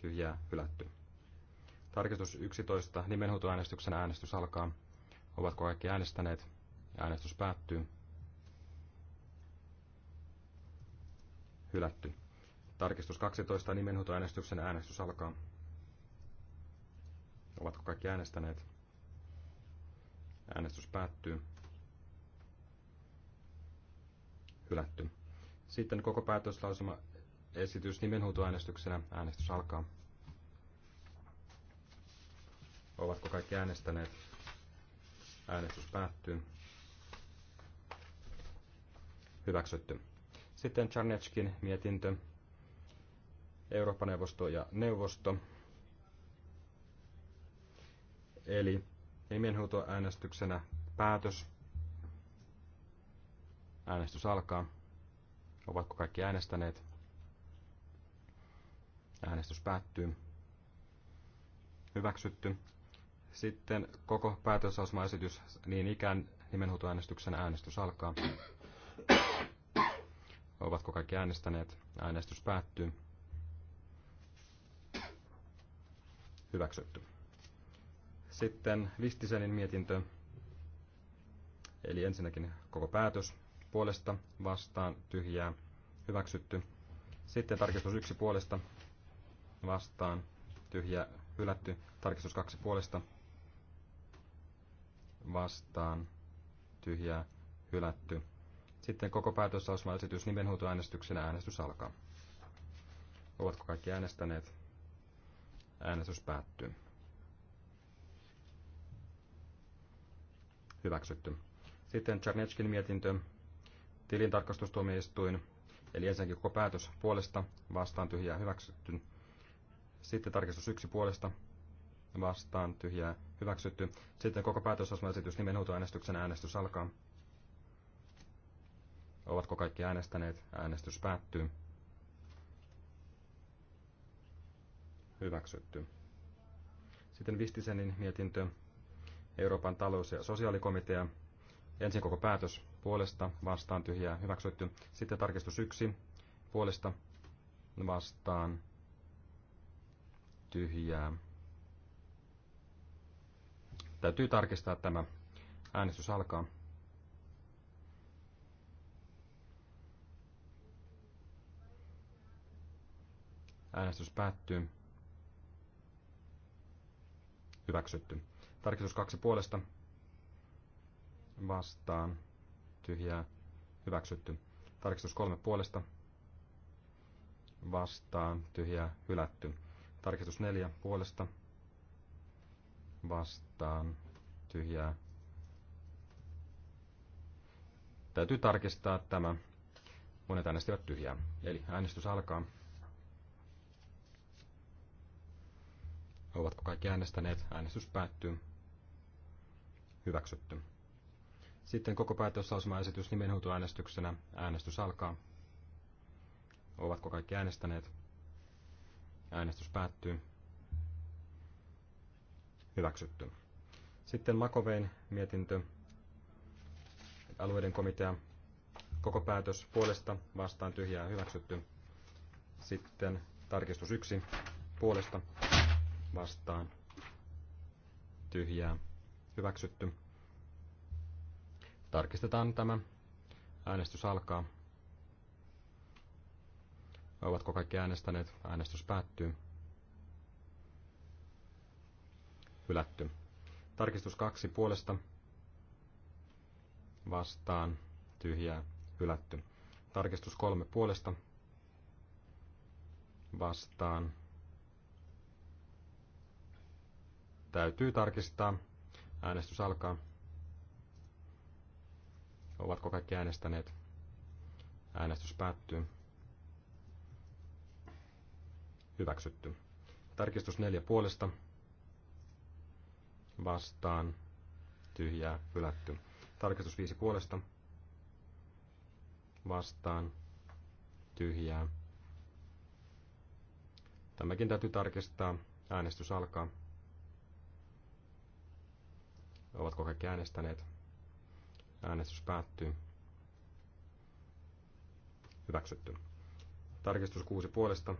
S1: Tyhjää. Hylätty. Tarkistus 11. Nimenhuutoäänestyksen äänestys alkaa. Ovatko kaikki äänestäneet? Äänestys päättyy. Hylätty. Tarkistus 12. Nimenhuutoäänestyksen äänestys alkaa. Ovatko kaikki äänestäneet? Äänestys päättyy. Hylätty. Sitten koko päätöslausuma esitys nimenhuutoäänestyksenä. Äänestys alkaa. Ovatko kaikki äänestäneet? Äänestys päättyy. Hyväksytty. Sitten Czarneckin mietintö. Eurooppa-neuvosto ja neuvosto. Eli Nimenhuutoäänestyksenä päätös. Äänestys alkaa. Ovatko kaikki äänestäneet? Äänestys päättyy. Hyväksytty. Sitten koko päätösasmaesitys niin ikään nimenhuutoäänestyksen äänestys alkaa. Ovatko kaikki äänestäneet? Äänestys päättyy. Hyväksytty. Sitten Vistisenin mietintö, eli ensinnäkin koko päätös puolesta vastaan tyhjää hyväksytty. Sitten tarkistus yksi puolesta vastaan tyhjää hylätty. Tarkistus kaksi puolesta vastaan tyhjää hylätty. Sitten koko esitys nimenhuutoäänestyksenä äänestys alkaa. Ovatko kaikki äänestäneet? Äänestys päättyy. hyväksytty. Sitten Czernetskin mietintö, tilintarkastustuomioistuin, eli ensinnäkin koko päätös puolesta, vastaan tyhjää hyväksytty. Sitten tarkistus yksi puolesta, vastaan tyhjää hyväksytty. Sitten koko päätösosmaesitys nimenhuutoäänestyksen äänestys alkaa. Ovatko kaikki äänestäneet? Äänestys päättyy. Hyväksytty. Sitten Vistisenin mietintö, Euroopan talous- ja sosiaalikomitea. Ensin koko päätös puolesta vastaan tyhjää hyväksytty. Sitten tarkistus 1 puolesta vastaan tyhjää. Täytyy tarkistaa tämä. Äänestys alkaa. Äänestys päättyy. Hyväksytty. Tarkistus kaksi puolesta vastaan tyhjää hyväksytty. Tarkistus kolme puolesta vastaan tyhjää hylätty. Tarkistus neljä puolesta vastaan tyhjää. Täytyy tarkistaa tämä. Monet äänestivät tyhjää. Eli äänestys alkaa. Ovatko kaikki äänestäneet? Äänestys päättyy. Hyväksytty. Sitten koko päätöslausumaesitys nimenhuutoäänestyksenä. Äänestys alkaa. Ovatko kaikki äänestäneet? Äänestys päättyy. Hyväksytty. Sitten Makovein mietintö. Alueiden komitea. Koko päätös puolesta vastaan tyhjää hyväksytty. Sitten tarkistus 1 puolesta vastaan tyhjää hyväksytty. Tarkistetaan tämä. Äänestys alkaa. Ovatko kaikki äänestäneet? Äänestys päättyy. Hylätty. Tarkistus kaksi puolesta. Vastaan. Tyhjää. Hylätty. Tarkistus kolme puolesta. Vastaan. Täytyy tarkistaa. Äänestys alkaa. Ovatko kaikki äänestäneet? Äänestys päättyy. Hyväksytty. Tarkistus neljä puolesta. Vastaan. Tyhjää. Hylätty. Tarkistus viisi puolesta. Vastaan. Tyhjää. Tämäkin täytyy tarkistaa. Äänestys alkaa. Ovatko kaikki äänestäneet? Äänestys päättyy. Hyväksytty. Tarkistus kuusi puolesta.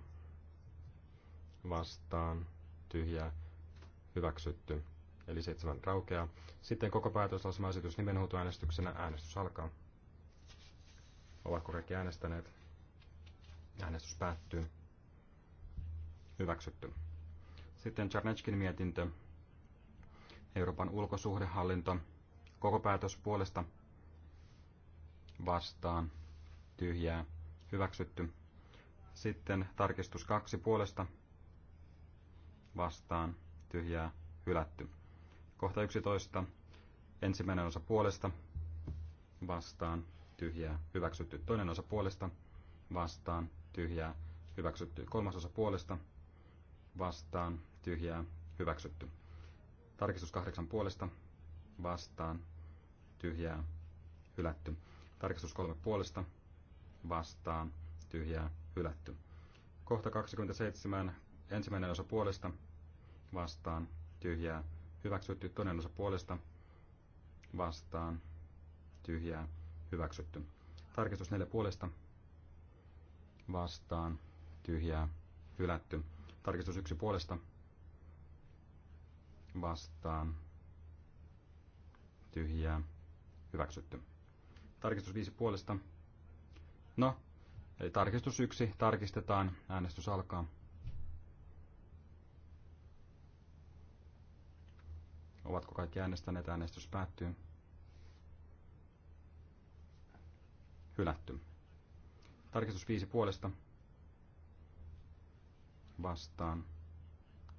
S1: Vastaan. Tyhjää. Hyväksytty. Eli seitsemän raukeaa. Sitten koko päätöslausumaesitys nimenhuutoäänestyksenä. Äänestys alkaa. Ovatko kaikki äänestäneet? Äänestys päättyy. Hyväksytty. Sitten Czarneckin mietintö. Euroopan ulkosuhdehallinto, koko päätös puolesta vastaan, tyhjää, hyväksytty. Sitten tarkistus kaksi puolesta vastaan, tyhjää, hylätty. Kohta 11. Ensimmäinen osa puolesta vastaan, tyhjää, hyväksytty. Toinen osa puolesta vastaan, tyhjää, hyväksytty. Kolmas osa puolesta vastaan, tyhjää, hyväksytty. Tarkistus kahdeksan puolesta vastaan tyhjää hylätty. Tarkistus kolme puolesta vastaan tyhjää hylätty. Kohta 27. Ensimmäinen osa puolesta vastaan tyhjää hyväksytty. Toinen osa puolesta vastaan tyhjää hyväksytty. Tarkistus neljä puolesta vastaan tyhjää hylätty. Tarkistus yksi puolesta vastaan, vastaan tyhjää hyväksytty. Tarkistus 5 puolesta. No, eli tarkistus 1 tarkistetaan. Äänestys alkaa. Ovatko kaikki äänestäneet? Äänestys päättyy. Hylätty. Tarkistus 5 puolesta. Vastaan.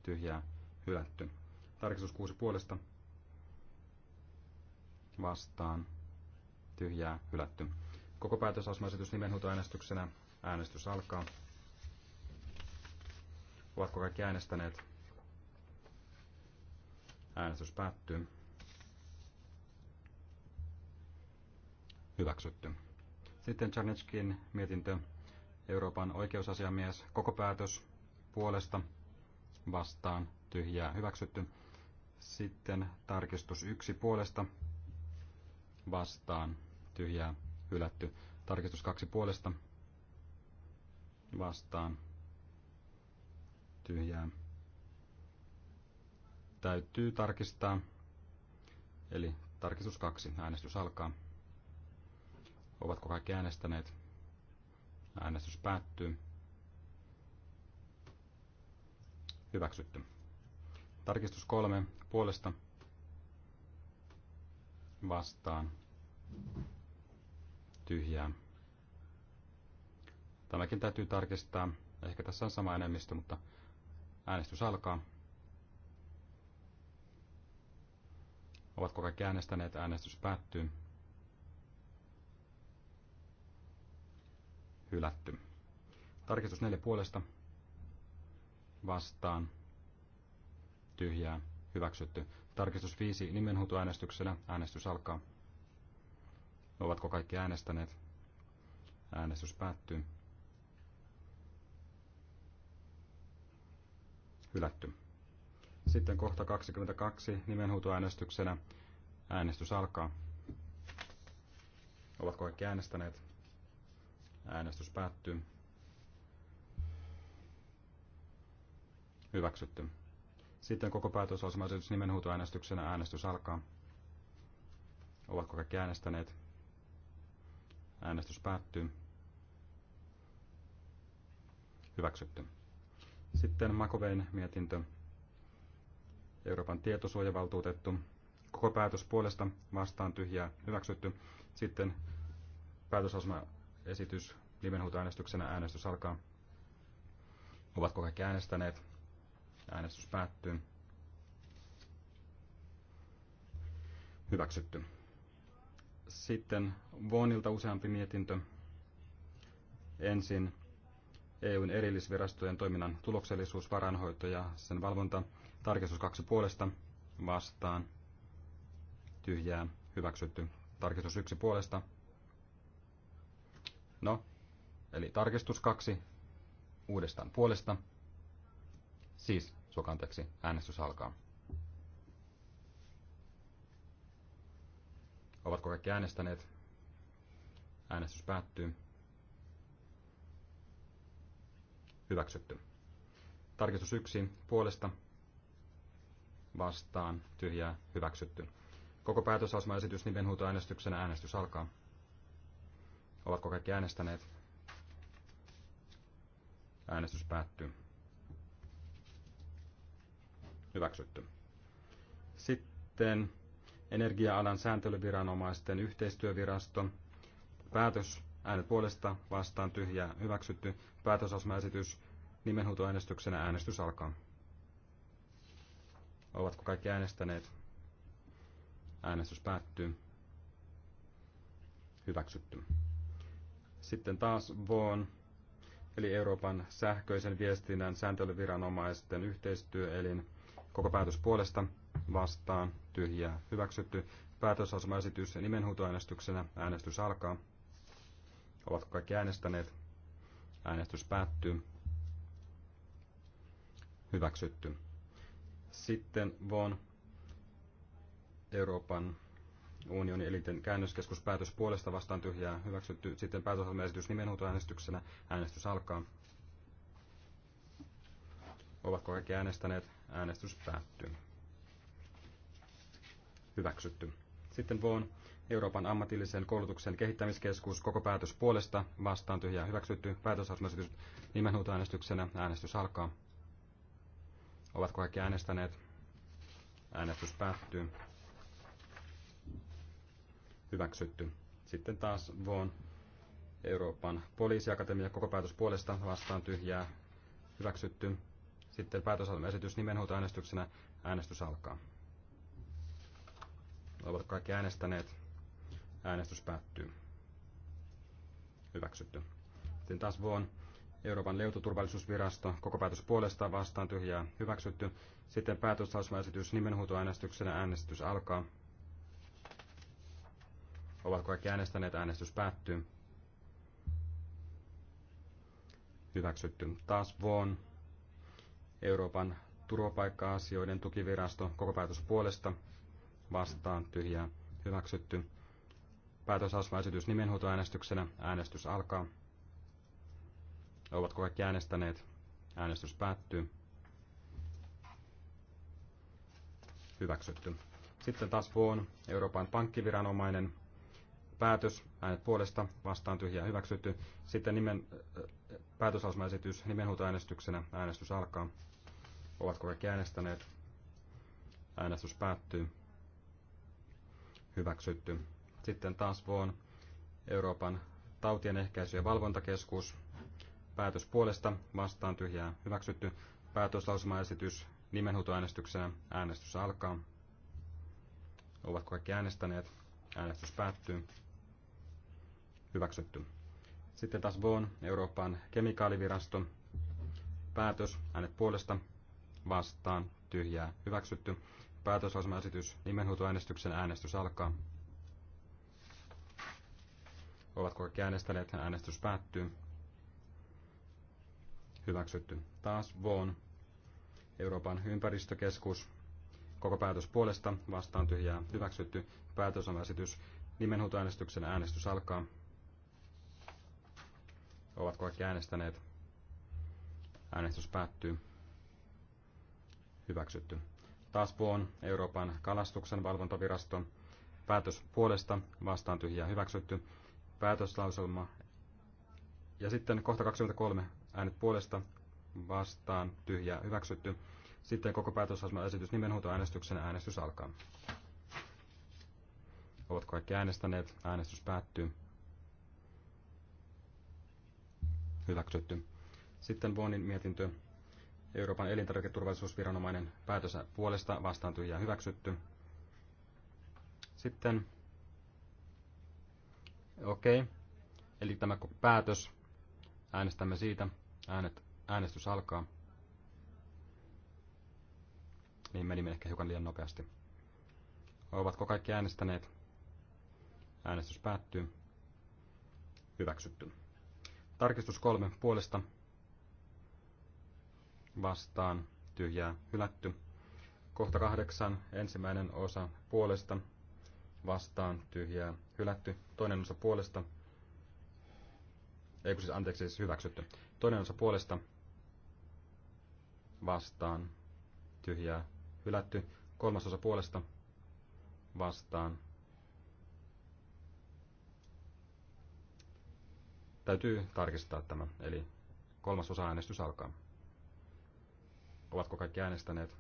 S1: Tyhjää. Hylätty. Tarkistus 6 puolesta vastaan tyhjää hylätty. Koko päätösasmaesitys nimenhuutoäänestyksenä. Äänestys alkaa. Ovatko kaikki äänestäneet? Äänestys päättyy. Hyväksytty. Sitten Czarneckin mietintö. Euroopan oikeusasiamies. Koko päätös puolesta vastaan tyhjää hyväksytty. Sitten tarkistus yksi puolesta vastaan tyhjää hylätty. Tarkistus kaksi puolesta vastaan tyhjää. Täytyy tarkistaa. Eli tarkistus kaksi. Äänestys alkaa. Ovatko kaikki äänestäneet? Äänestys päättyy. Hyväksytty. Tarkistus kolme puolesta vastaan tyhjää. Tämäkin täytyy tarkistaa. Ehkä tässä on sama enemmistö, mutta äänestys alkaa. Ovatko kaikki äänestäneet? Äänestys päättyy. Hylätty. Tarkistus neljä puolesta vastaan tyhjää, hyväksytty. Tarkistus 5 nimenhuutoäänestyksellä. Äänestys alkaa. Ovatko kaikki äänestäneet? Äänestys päättyy. Hylätty. Sitten kohta 22 nimenhuutoäänestyksenä. Äänestys alkaa. Ovatko kaikki äänestäneet? Äänestys päättyy. Hyväksytty. Sitten koko päätöslausumaisuus nimenhuutoäänestyksenä äänestys alkaa. Ovatko kaikki äänestäneet? Äänestys päättyy. Hyväksytty. Sitten Makovein mietintö. Euroopan tietosuojavaltuutettu. Koko päätös puolesta vastaan tyhjää hyväksytty. Sitten päätösasemaesitys nimenhuutoäänestyksenä äänestys alkaa. Ovatko kaikki äänestäneet? Äänestys päättyy. Hyväksytty. Sitten Vonilta useampi mietintö. Ensin EUn erillisvirastojen toiminnan tuloksellisuus, varanhoito ja sen valvonta. Tarkistus kaksi puolesta vastaan. Tyhjää hyväksytty. Tarkistus yksi puolesta. No, eli tarkistus kaksi uudestaan puolesta Siis, suokaa anteeksi, äänestys alkaa. Ovatko kaikki äänestäneet? Äänestys päättyy. Hyväksytty. Tarkistus 1 puolesta vastaan tyhjää hyväksytty. Koko päätösasmaesitys nimenhuutoäänestyksenä niin äänestys alkaa. Ovatko kaikki äänestäneet? Äänestys päättyy hyväksytty. Sitten energia-alan sääntelyviranomaisten yhteistyövirasto, päätös, äänet puolesta, vastaan, tyhjää, hyväksytty, päätösasmaesitys, nimenhuutoäänestyksenä äänestys alkaa. Ovatko kaikki äänestäneet? Äänestys päättyy. Hyväksytty. Sitten taas VOON, eli Euroopan sähköisen viestinnän sääntelyviranomaisten yhteistyöelin, Koko päätös puolesta vastaan tyhjää hyväksytty. Päätösasemaesitys nimenhuutoäänestyksenä. Äänestys alkaa. Ovatko kaikki äänestäneet? Äänestys päättyy. Hyväksytty. Sitten Von Euroopan unionin eliten käännöskeskus päätös puolesta vastaan tyhjää hyväksytty. Sitten päätösasemaesitys nimenhuutoäänestyksenä. Äänestys alkaa. Ovatko kaikki äänestäneet? Äänestys päättyy. Hyväksytty. Sitten Voon Euroopan ammatillisen koulutuksen kehittämiskeskus koko päätös puolesta vastaan tyhjää hyväksytty. Päätösasmaesitys nimenhuutoäänestyksenä. Äänestys alkaa. Ovatko kaikki äänestäneet? Äänestys päättyy. Hyväksytty. Sitten taas Voon Euroopan poliisiakatemia koko päätös puolesta vastaan tyhjää hyväksytty. Sitten päätösalmaesitys nimenhuutoäänestyksenä. Äänestys alkaa. Ovat kaikki äänestäneet. Äänestys päättyy. Hyväksytty. Sitten taas vuon Euroopan leututurvallisuusvirasto. Koko päätös puolesta vastaan tyhjää. Hyväksytty. Sitten päätösalmaesitys nimenhuutoäänestyksenä. Äänestys alkaa. Ovat kaikki äänestäneet. Äänestys päättyy. Hyväksytty. Taas vuon Euroopan turvapaikka-asioiden tukivirasto koko päätös puolesta vastaan tyhjää hyväksytty. Päätösasmaesitys nimenhuutoäänestyksenä. Äänestys alkaa. Ovatko kaikki äänestäneet? Äänestys päättyy. Hyväksytty. Sitten taas vuon Euroopan pankkiviranomainen päätös, äänet puolesta, vastaan tyhjää hyväksytty. Sitten nimen, äh, äh, päätösasmaesitys nimenhuutoäänestyksenä. Äänestys alkaa. Ovatko kaikki äänestäneet? Äänestys päättyy. Hyväksytty. Sitten taas vuon Euroopan tautien ehkäisy- ja valvontakeskus. Päätös puolesta vastaan tyhjää hyväksytty. Päätöslausumaesitys nimenhuutoäänestyksenä. Äänestys alkaa. Ovatko kaikki äänestäneet? Äänestys päättyy. Hyväksytty. Sitten taas Voon, Euroopan kemikaalivirasto. Päätös, äänet puolesta, vastaan, tyhjää, hyväksytty. Päätösasemaesitys, nimenhuutoäänestyksen äänestys alkaa. Ovatko kaikki äänestäneet? Äänestys päättyy. Hyväksytty. Taas Voon, Euroopan ympäristökeskus. Koko päätös puolesta, vastaan tyhjää, hyväksytty. Päätösasemaesitys, nimenhuutoäänestyksen äänestys alkaa. Ovatko kaikki äänestäneet? Äänestys päättyy hyväksytty. Taaspo on Euroopan kalastuksen valvontavirasto. Päätös puolesta vastaan tyhjää hyväksytty. Päätöslauselma. Ja sitten kohta 23 äänet puolesta vastaan tyhjää hyväksytty. Sitten koko päätöslauselma esitys äänestyksen äänestys alkaa. Ovat kaikki äänestäneet. Äänestys päättyy. Hyväksytty. Sitten Vuonin mietintö Euroopan elintarviketurvallisuusviranomainen päätös puolesta vastaantui ja hyväksytty. Sitten, okei, okay. eli tämä koko päätös, äänestämme siitä, Äänet, äänestys alkaa. Niin menimme ehkä hiukan liian nopeasti. Ovatko kaikki äänestäneet? Äänestys päättyy. Hyväksytty. Tarkistus kolme puolesta vastaan tyhjää hylätty. Kohta kahdeksan ensimmäinen osa puolesta vastaan tyhjää hylätty. Toinen osa puolesta, ei kun siis anteeksi, siis hyväksytty. Toinen osa puolesta vastaan tyhjää hylätty. Kolmas osa puolesta vastaan täytyy tarkistaa tämä. Eli kolmas osa äänestys alkaa. Ovatko kaikki äänestäneet?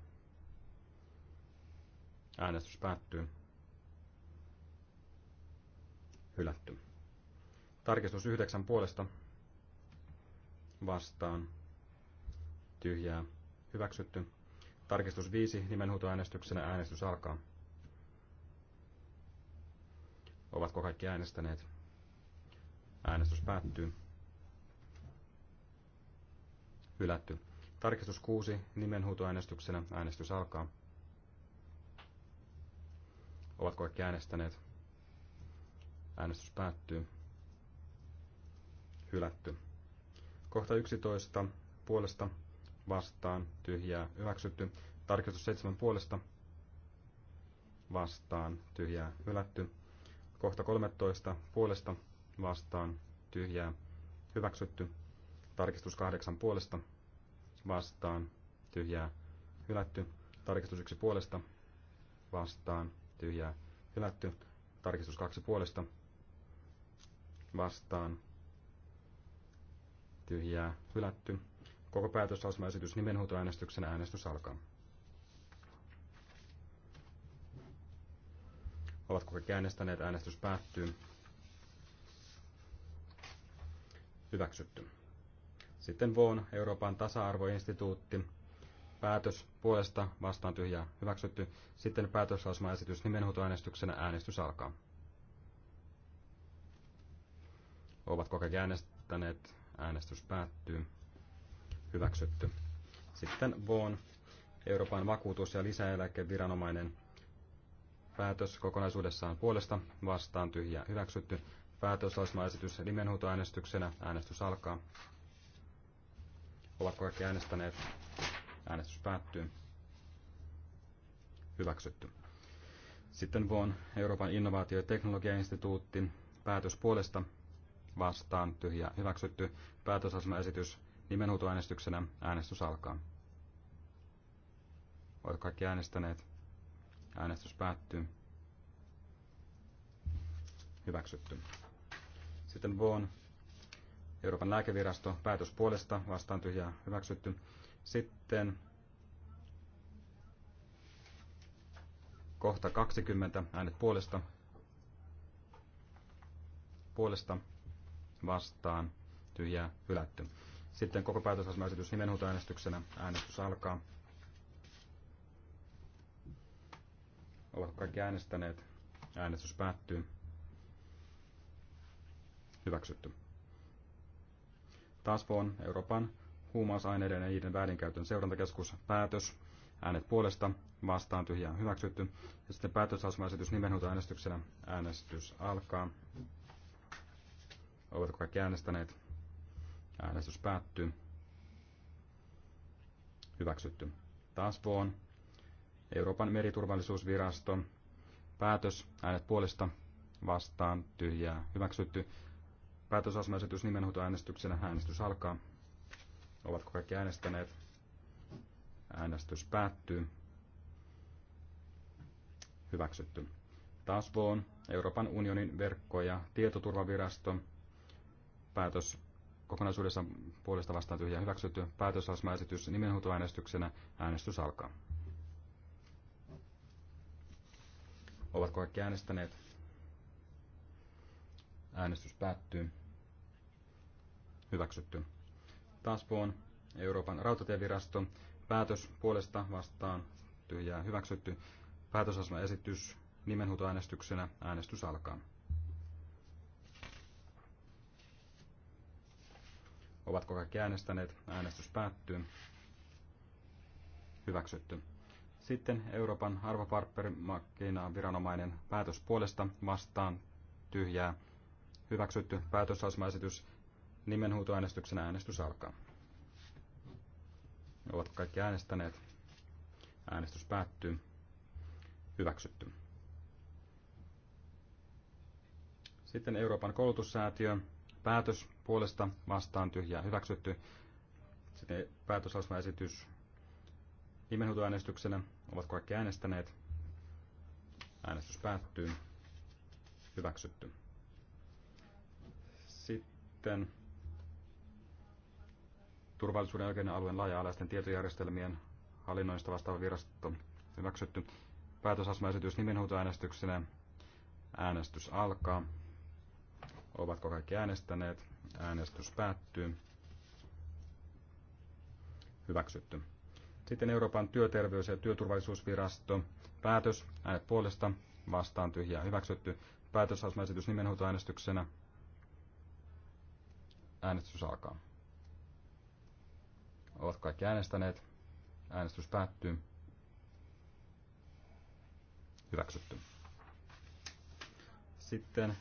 S1: Äänestys päättyy. Hylätty. Tarkistus yhdeksän puolesta vastaan. Tyhjää. Hyväksytty. Tarkistus viisi nimenhuutoäänestyksenä äänestys alkaa. Ovatko kaikki äänestäneet? Äänestys päättyy. Hylätty. Tarkistus 6 nimenhuutoäänestyksenä. Äänestys alkaa. Ovatko kaikki äänestäneet? Äänestys päättyy. Hylätty. Kohta 11 puolesta vastaan tyhjää hyväksytty. Tarkistus 7 puolesta vastaan tyhjää hylätty. Kohta 13 puolesta vastaan tyhjää hyväksytty. Tarkistus 8 puolesta vastaan, tyhjää, hylätty. Tarkistus 1 puolesta, vastaan, tyhjää, hylätty. Tarkistus 2 puolesta, vastaan, tyhjää, hylätty. Koko päätöslausumaesitys nimenhuutoäänestyksen äänestys alkaa. Ovatko kaikki äänestäneet? Äänestys päättyy. Hyväksytty. Sitten Voon Euroopan tasa-arvoinstituutti. Päätös puolesta vastaan tyhjää hyväksytty. Sitten päätöslausmaesitys nimenhuutoäänestyksenä äänestys alkaa. Ovatko kaikki äänestäneet? Äänestys päättyy. Hyväksytty. Sitten Voon Euroopan vakuutus- ja lisäeläkeviranomainen päätös kokonaisuudessaan puolesta vastaan tyhjää hyväksytty. Päätöslausmaesitys nimenhuutoäänestyksenä äänestys alkaa. Ovatko kaikki äänestäneet? Äänestys päättyy. Hyväksytty. Sitten vuon Euroopan innovaatio- ja teknologiainstituutti. Päätös puolesta vastaan tyhjä hyväksytty. Päätösasemaesitys nimenhuutoäänestyksenä. Äänestys alkaa. Oletko kaikki äänestäneet? Äänestys päättyy. Hyväksytty. Sitten Vuon Euroopan lääkevirasto, päätös puolesta, vastaan tyhjää, hyväksytty. Sitten kohta 20, äänet puolesta, puolesta, vastaan, tyhjää, hylätty. Sitten koko päätösasemaesitys nimenhuutoäänestyksenä. Äänestys alkaa. Ovatko kaikki äänestäneet? Äänestys päättyy. Hyväksytty. Taas Euroopan huumausaineiden ja niiden väärinkäytön seurantakeskus päätös. Äänet puolesta, vastaan tyhjään hyväksytty. Ja sitten päätösasmaesitys nimenhuutoäänestyksenä. Äänestys alkaa. Ovatko kaikki äänestäneet? Äänestys päättyy. Hyväksytty. Taas vuon, Euroopan meriturvallisuusvirasto. Päätös, äänet puolesta, vastaan, tyhjää, hyväksytty. Päätösasmaesitys nimenhuutoäänestyksenä. Äänestys alkaa. Ovatko kaikki äänestäneet? Äänestys päättyy. Hyväksytty. Taas Voon, Euroopan unionin verkko- ja tietoturvavirasto. Päätös kokonaisuudessaan puolesta vastaan tyhjä hyväksytty. Päätösasmaisetys nimenhuutoäänestyksenä. Äänestys alkaa. Ovatko kaikki äänestäneet? Äänestys päättyy. Hyväksytty. Taaspoon Euroopan rautatievirasto. Päätös puolesta vastaan tyhjää hyväksytty. Päätösasema esitys nimenhuutoäänestyksenä. Äänestys alkaa. Ovatko kaikki äänestäneet? Äänestys päättyy. Hyväksytty. Sitten Euroopan arvoparpperimarkkinaan viranomainen päätös puolesta vastaan tyhjää Hyväksytty päätösasmaesitys. Nimenhuutoäänestyksen äänestys alkaa. Ovatko kaikki äänestäneet? Äänestys päättyy. Hyväksytty. Sitten Euroopan koulutussäätiö. Päätös puolesta vastaan tyhjää hyväksytty. Sitten päätösasmaesitys nimenhuutoäänestyksenä. Ovatko kaikki äänestäneet? Äänestys päättyy. Hyväksytty sitten turvallisuuden oikeuden alueen laaja-alaisten tietojärjestelmien hallinnoinnista vastaava virasto hyväksytty. Päätösasmaesitys nimenhuutoäänestyksenä. Äänestys alkaa. Ovatko kaikki äänestäneet? Äänestys päättyy. Hyväksytty. Sitten Euroopan työterveys- ja työturvallisuusvirasto. Päätös. Äänet puolesta. Vastaan tyhjää. Hyväksytty. Päätösasmaesitys nimenhuutoäänestyksenä. Äänestys alkaa. Ovat kaikki äänestäneet. Äänestys päättyy. Hyväksytty. Sitten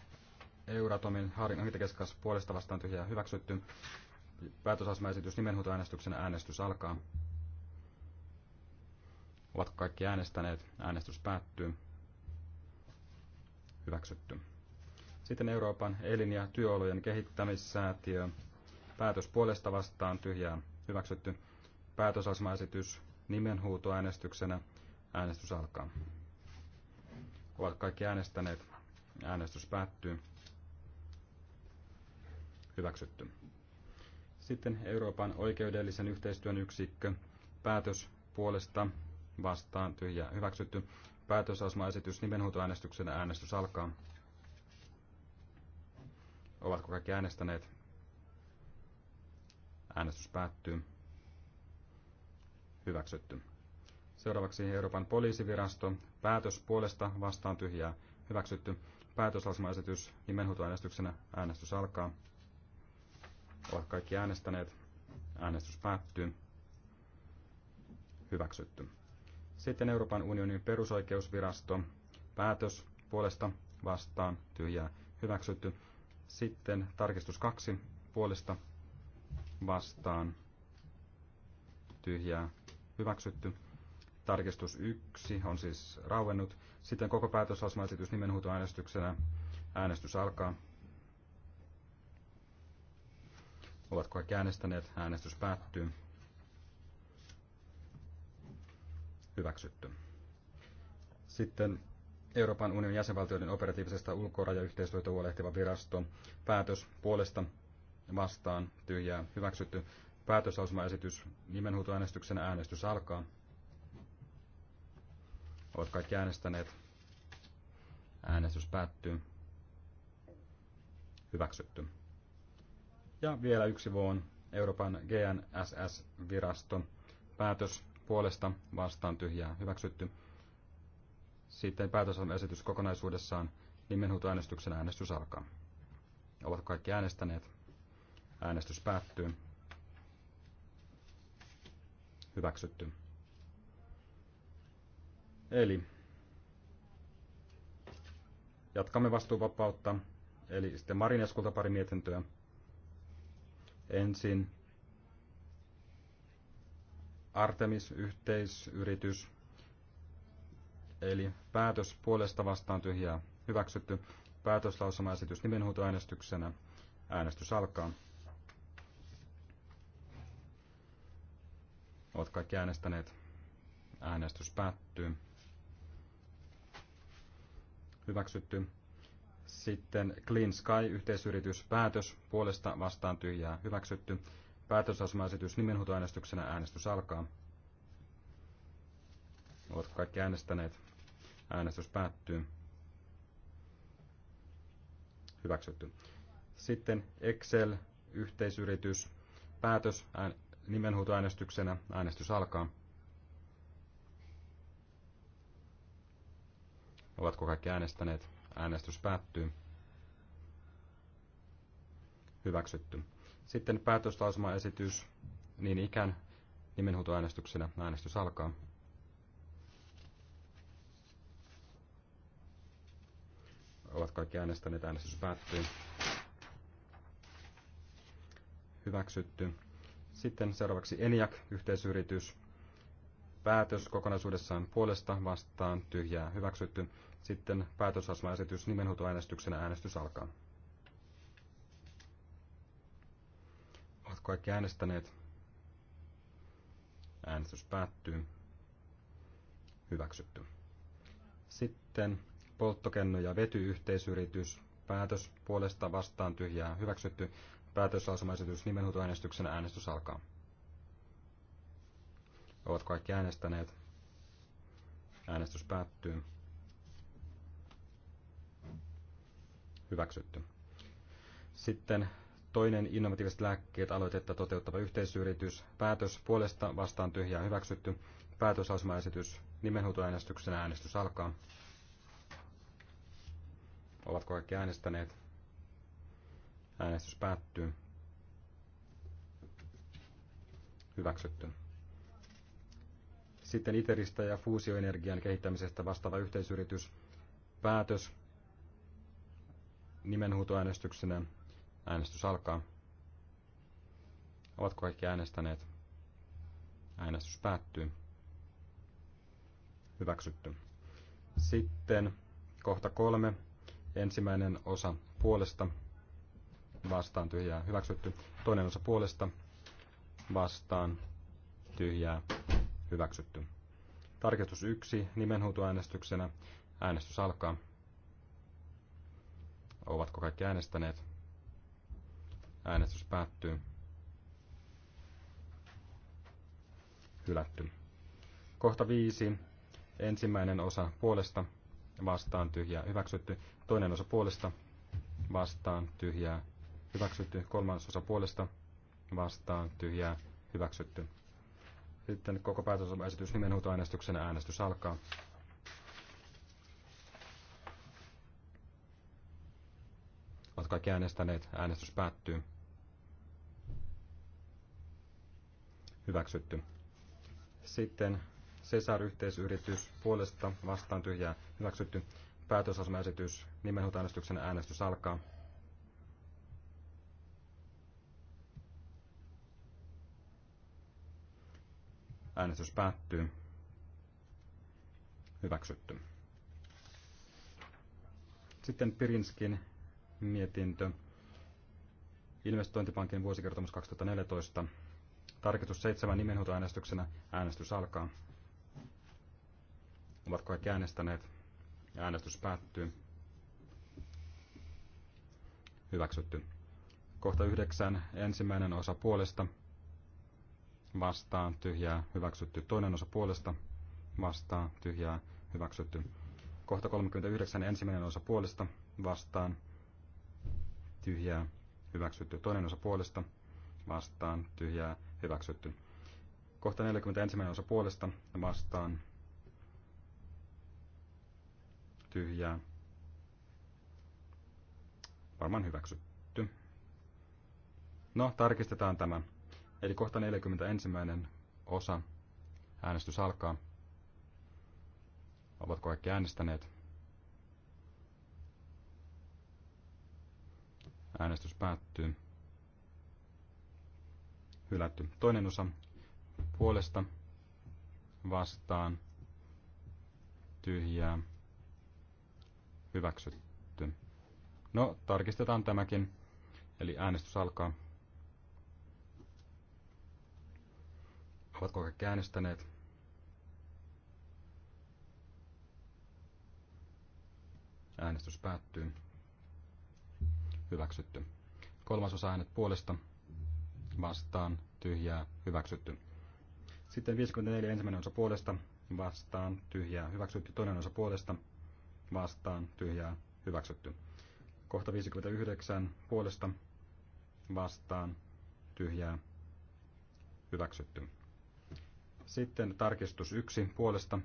S1: Euratomin hankintakeskus puolesta vastaan tyhjää hyväksytty. Päätösasmaesitys nimenhuutoäänestyksen äänestys alkaa. Ovatko kaikki äänestäneet? Äänestys päättyy. Hyväksytty. Sitten Euroopan elin- ja työolojen kehittämissäätiö. Päätös puolesta vastaan tyhjää hyväksytty. Päätösasmaesitys nimenhuutoäänestyksenä. Äänestys alkaa. Ovat kaikki äänestäneet. Äänestys päättyy. Hyväksytty. Sitten Euroopan oikeudellisen yhteistyön yksikkö. Päätös puolesta vastaan tyhjää hyväksytty. Päätösasmaesitys nimenhuutoäänestyksenä. Äänestys alkaa. Ovatko kaikki äänestäneet? Äänestys päättyy. Hyväksytty. Seuraavaksi Euroopan poliisivirasto. Päätös puolesta vastaan tyhjää. Hyväksytty. Päätöslausumaesitys nimenhuutoäänestyksenä. Äänestys alkaa. Ovatko kaikki äänestäneet. Äänestys päättyy. Hyväksytty. Sitten Euroopan unionin perusoikeusvirasto. Päätös puolesta vastaan tyhjää. Hyväksytty. Sitten tarkistus kaksi puolesta vastaan tyhjää hyväksytty. Tarkistus yksi on siis rauennut. Sitten koko päätösasmaesitys nimenhuutoäänestyksenä. Äänestys alkaa. Ovatko kaikki äänestäneet? Äänestys päättyy. Hyväksytty. Sitten Euroopan unionin jäsenvaltioiden operatiivisesta ulkorajayhteistyötä huolehtiva virasto. Päätös puolesta vastaan tyhjää hyväksytty. Päätöslausumaesitys nimenhuutoäänestyksen äänestys alkaa. Olet kaikki äänestäneet. Äänestys päättyy. Hyväksytty. Ja vielä yksi vuon Euroopan GNSS-viraston päätös puolesta vastaan tyhjää hyväksytty sitten päätös on esitys kokonaisuudessaan nimenhuutoäänestyksen äänestys alkaa. Ovat kaikki äänestäneet. Äänestys päättyy. Hyväksytty. Eli jatkamme vastuuvapautta. Eli sitten Marin Eskulta pari mietintöä. Ensin Artemis-yhteisyritys Eli päätös puolesta vastaan tyhjää hyväksytty. Päätöslausumaesitys nimenhuutoäänestyksenä. Äänestys alkaa. Olet kaikki äänestäneet. Äänestys päättyy. Hyväksytty. Sitten Clean Sky yhteisyritys päätös puolesta vastaan tyhjää hyväksytty. Päätösasemaesitys nimenhuutoäänestyksenä äänestys alkaa. Ovatko kaikki äänestäneet? Äänestys päättyy. Hyväksytty. Sitten Excel, yhteisyritys, päätös ään, nimenhuutoäänestyksenä. Äänestys alkaa. Ovatko kaikki äänestäneet? Äänestys päättyy. Hyväksytty. Sitten päätöslausumaesitys. Niin ikään nimenhuutoäänestyksenä. Äänestys alkaa. Ovat kaikki äänestäneet. Äänestys päättyy. Hyväksytty. Sitten seuraavaksi ENIAC, yhteisyritys. Päätös kokonaisuudessaan puolesta vastaan tyhjää hyväksytty. Sitten päätösasmaesitys nimenhuutoäänestyksenä äänestys alkaa. Ovat kaikki äänestäneet. Äänestys päättyy. Hyväksytty. Sitten polttokenno- ja vetyyhteisyritys, päätös puolesta vastaan tyhjää hyväksytty, päätöslausumaesitys nimenhuutoäänestyksenä äänestys alkaa. Ovat kaikki äänestäneet. Äänestys päättyy. Hyväksytty. Sitten toinen innovatiiviset lääkkeet aloitetta toteuttava yhteisyritys. Päätös puolesta vastaan tyhjää hyväksytty. Päätöslausumaesitys nimenhuutoäänestyksen äänestys alkaa. Ovatko kaikki äänestäneet? Äänestys päättyy. Hyväksytty. Sitten ITERistä ja fuusioenergian kehittämisestä vastaava yhteisyritys. Päätös nimenhuutoäänestyksenä. Äänestys alkaa. Ovatko kaikki äänestäneet? Äänestys päättyy. Hyväksytty. Sitten kohta kolme. Ensimmäinen osa puolesta vastaan tyhjää hyväksytty. Toinen osa puolesta vastaan tyhjää hyväksytty. Tarkistus 1 nimenhuutoäänestyksenä. Äänestys alkaa. Ovatko kaikki äänestäneet? Äänestys päättyy. Hylätty. Kohta 5. Ensimmäinen osa puolesta vastaan tyhjää hyväksytty. Toinen osa puolesta vastaan tyhjää hyväksytty. Kolmas osa puolesta vastaan tyhjää hyväksytty. Sitten koko päätösesitys nimenhuutoäänestyksenä äänestys alkaa. Olet kaikki äänestäneet. Äänestys päättyy. Hyväksytty. Sitten CESAR-yhteisyritys puolesta vastaan tyhjää hyväksytty. Päätösasemaesitys nimenhuutoäänestyksen äänestys alkaa. Äänestys päättyy. Hyväksytty. Sitten Pirinskin mietintö. Investointipankin vuosikertomus 2014. Tarkistus 7 nimenhuutoäänestyksenä. Äänestys alkaa ovat kaikki äänestäneet? Äänestys päättyy. Hyväksytty. Kohta yhdeksän. Ensimmäinen osa puolesta. Vastaan tyhjää. Hyväksytty. Toinen osa puolesta. Vastaan tyhjää. Hyväksytty. Kohta 39. Ensimmäinen osa puolesta. Vastaan tyhjää. Hyväksytty. Toinen osa puolesta. Vastaan tyhjää. Hyväksytty. Kohta 41. osa puolesta. Vastaan tyhjää. Varmaan hyväksytty. No, tarkistetaan tämä. Eli kohta 41. osa. Äänestys alkaa. Ovatko kaikki äänestäneet? Äänestys päättyy. Hylätty. Toinen osa puolesta vastaan tyhjää hyväksytty. No, tarkistetaan tämäkin. Eli äänestys alkaa. Ovatko kaikki äänestäneet? Äänestys päättyy. Hyväksytty. Kolmasosa äänet puolesta. Vastaan. Tyhjää. Hyväksytty. Sitten 54 ensimmäinen osa puolesta. Vastaan. Tyhjää. Hyväksytty. Toinen osa puolesta vastaan tyhjää hyväksytty. Kohta 59 puolesta vastaan tyhjää hyväksytty. Sitten tarkistus 1 puolesta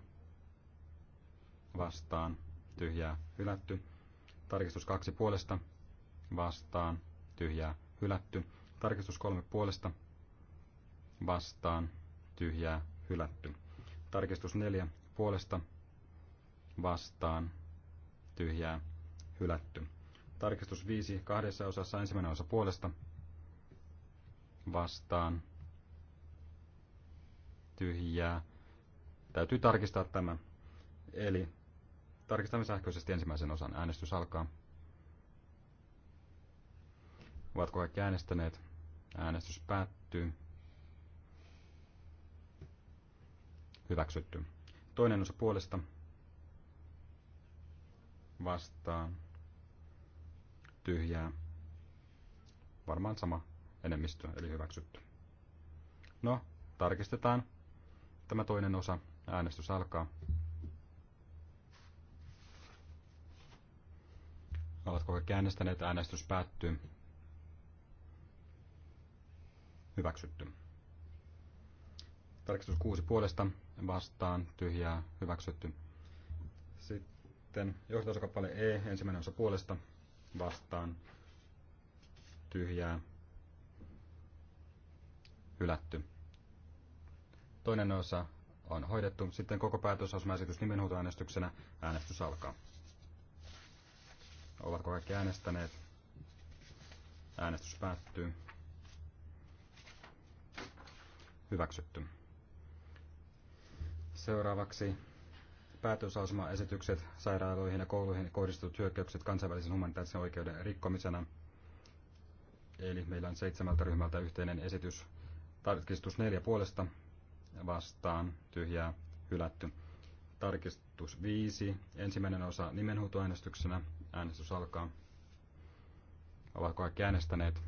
S1: vastaan tyhjää hylätty. Tarkistus 2 puolesta vastaan tyhjää hylätty. Tarkistus 3 puolesta vastaan tyhjää hylätty. Tarkistus 4 puolesta vastaan tyhjää, hylätty. Tarkistus 5 kahdessa osassa ensimmäinen osa puolesta vastaan tyhjää. Täytyy tarkistaa tämä. Eli tarkistamme sähköisesti ensimmäisen osan. Äänestys alkaa. Ovatko kaikki äänestäneet? Äänestys päättyy. Hyväksytty. Toinen osa puolesta vastaan tyhjää. Varmaan sama enemmistö, eli hyväksytty. No, tarkistetaan. Tämä toinen osa. Äänestys alkaa. Oletko kaikki äänestäneet? Äänestys päättyy. Hyväksytty. Tarkistus 6 puolesta vastaan tyhjää hyväksytty. Sitten johdatuskappale E, ensimmäinen osa puolesta vastaan tyhjää hylätty. Toinen osa on hoidettu. Sitten koko päätösosmaesitys nimenhuutoäänestyksenä. Äänestys alkaa. Ovatko kaikki äänestäneet? Äänestys päättyy. Hyväksytty. Seuraavaksi esitykset sairaaloihin ja kouluihin kohdistetut hyökkäykset kansainvälisen humanitaarisen oikeuden rikkomisena. Eli meillä on seitsemältä ryhmältä yhteinen esitys. Tarkistus neljä puolesta vastaan tyhjää hylätty. Tarkistus viisi ensimmäinen osa nimenhuutoäänestyksenä. Äänestys alkaa. Ovatko kaikki äänestäneet?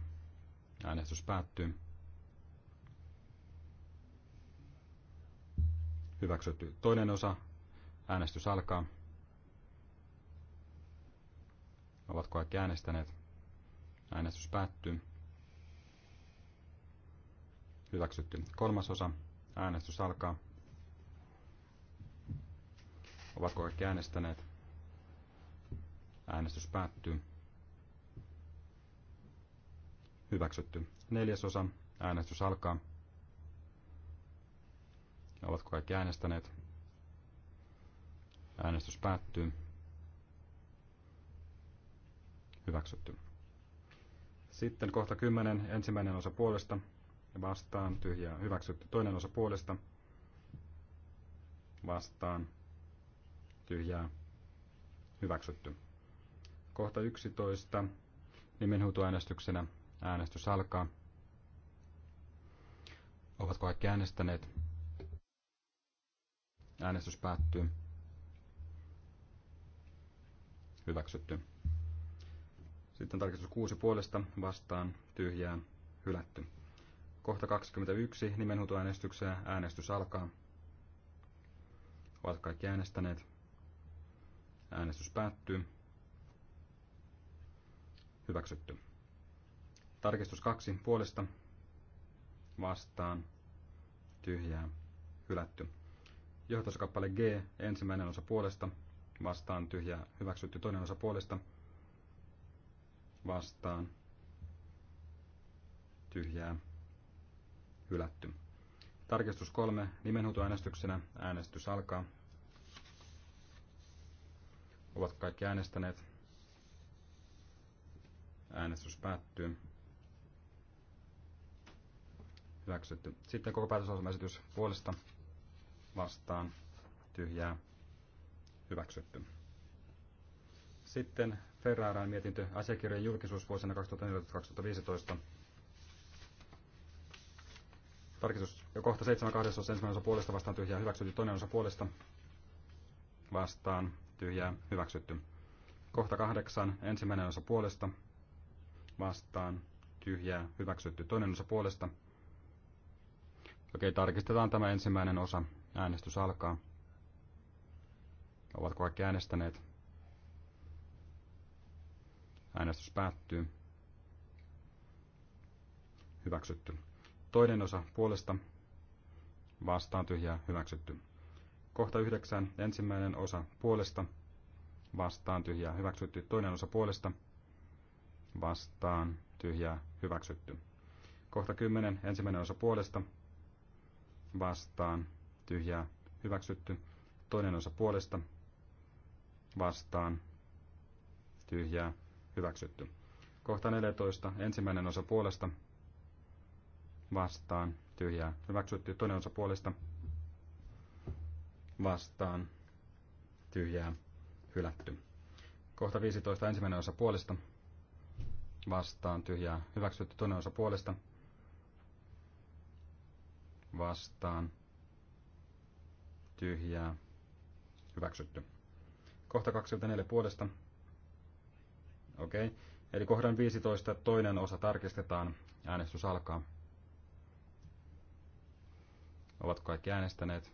S1: Äänestys päättyy. Hyväksytty toinen osa Äänestys alkaa. Ovatko kaikki äänestäneet? Äänestys päättyy. Hyväksytty. Kolmas osa. Äänestys alkaa. Ovatko kaikki äänestäneet? Äänestys päättyy. Hyväksytty. Neljäs osa. Äänestys alkaa. Ovatko kaikki äänestäneet? Äänestys päättyy. Hyväksytty. Sitten kohta 10. Ensimmäinen osa puolesta. Vastaan. Tyhjää. Hyväksytty. Toinen osa puolesta. Vastaan. Tyhjää. Hyväksytty. Kohta 11. Nimenhuutoäänestyksenä. Äänestys alkaa. Ovatko kaikki äänestäneet? Äänestys päättyy hyväksytty. Sitten tarkistus 6 puolesta vastaan tyhjään hylätty. Kohta 21 nimenhuutoäänestykseen äänestys alkaa. Ovat kaikki äänestäneet. Äänestys päättyy. Hyväksytty. Tarkistus 2 puolesta vastaan tyhjää hylätty. Johtosakappale G ensimmäinen osa puolesta vastaan tyhjää hyväksytty toinen osa puolesta vastaan tyhjää hylätty. Tarkistus kolme nimenhuutoäänestyksenä äänestys alkaa. Ovat kaikki äänestäneet. Äänestys päättyy. Hyväksytty. Sitten koko päätösasemaesitys puolesta vastaan tyhjää hyväksytty. Sitten Ferraran mietintö asiakirjojen julkisuus vuosina 2014-2015. Tarkistus jo kohta 7.2. osa ensimmäinen osa puolesta vastaan tyhjää hyväksytty, toinen osa puolesta vastaan tyhjää hyväksytty. Kohta 8 ensimmäinen osa puolesta vastaan tyhjää hyväksytty, toinen osa puolesta. Okei, tarkistetaan tämä ensimmäinen osa. Äänestys alkaa. Ovatko kaikki äänestäneet? Äänestys päättyy. Hyväksytty. Toinen osa puolesta. Vastaan tyhjää. Hyväksytty. Kohta yhdeksän. Ensimmäinen osa puolesta. Vastaan tyhjää. Hyväksytty. Toinen osa puolesta. Vastaan tyhjää. Hyväksytty. Kohta kymmenen. Ensimmäinen osa puolesta. Vastaan tyhjää. Hyväksytty. Toinen osa puolesta vastaan tyhjää hyväksytty. Kohta 14. Ensimmäinen osa puolesta vastaan tyhjää hyväksytty. Toinen osa puolesta vastaan tyhjää hylätty. Kohta 15. Ensimmäinen osa puolesta vastaan tyhjää hyväksytty. Toinen osa puolesta vastaan tyhjää hyväksytty. Kohta 24 puolesta. Okei. Okay. Eli kohdan 15 toinen osa tarkistetaan. Äänestys alkaa. Ovatko kaikki äänestäneet?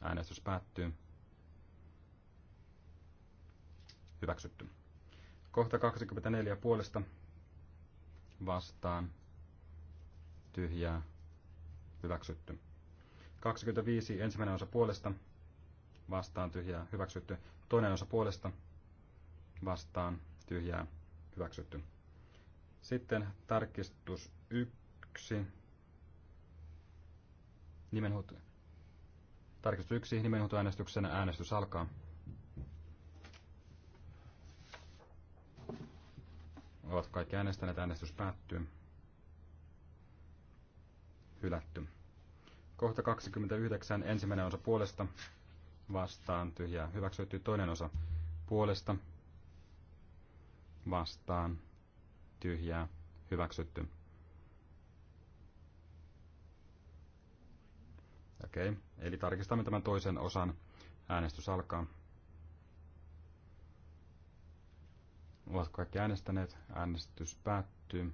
S1: Äänestys päättyy. Hyväksytty. Kohta 24 puolesta vastaan tyhjää hyväksytty. 25 ensimmäinen osa puolesta vastaan tyhjää hyväksytty. Toinen osa puolesta vastaan tyhjää hyväksytty. Sitten tarkistus 1. Nimenhuuto. Tarkistus 1. Nimenhuutoäänestyksenä äänestys alkaa. Ovat kaikki äänestäneet. Äänestys päättyy. Hylätty. Kohta 29. Ensimmäinen osa puolesta vastaan tyhjää hyväksytty. Toinen osa puolesta vastaan tyhjää hyväksytty. Okei, eli tarkistamme tämän toisen osan. Äänestys alkaa. Ovatko kaikki äänestäneet? Äänestys päättyy.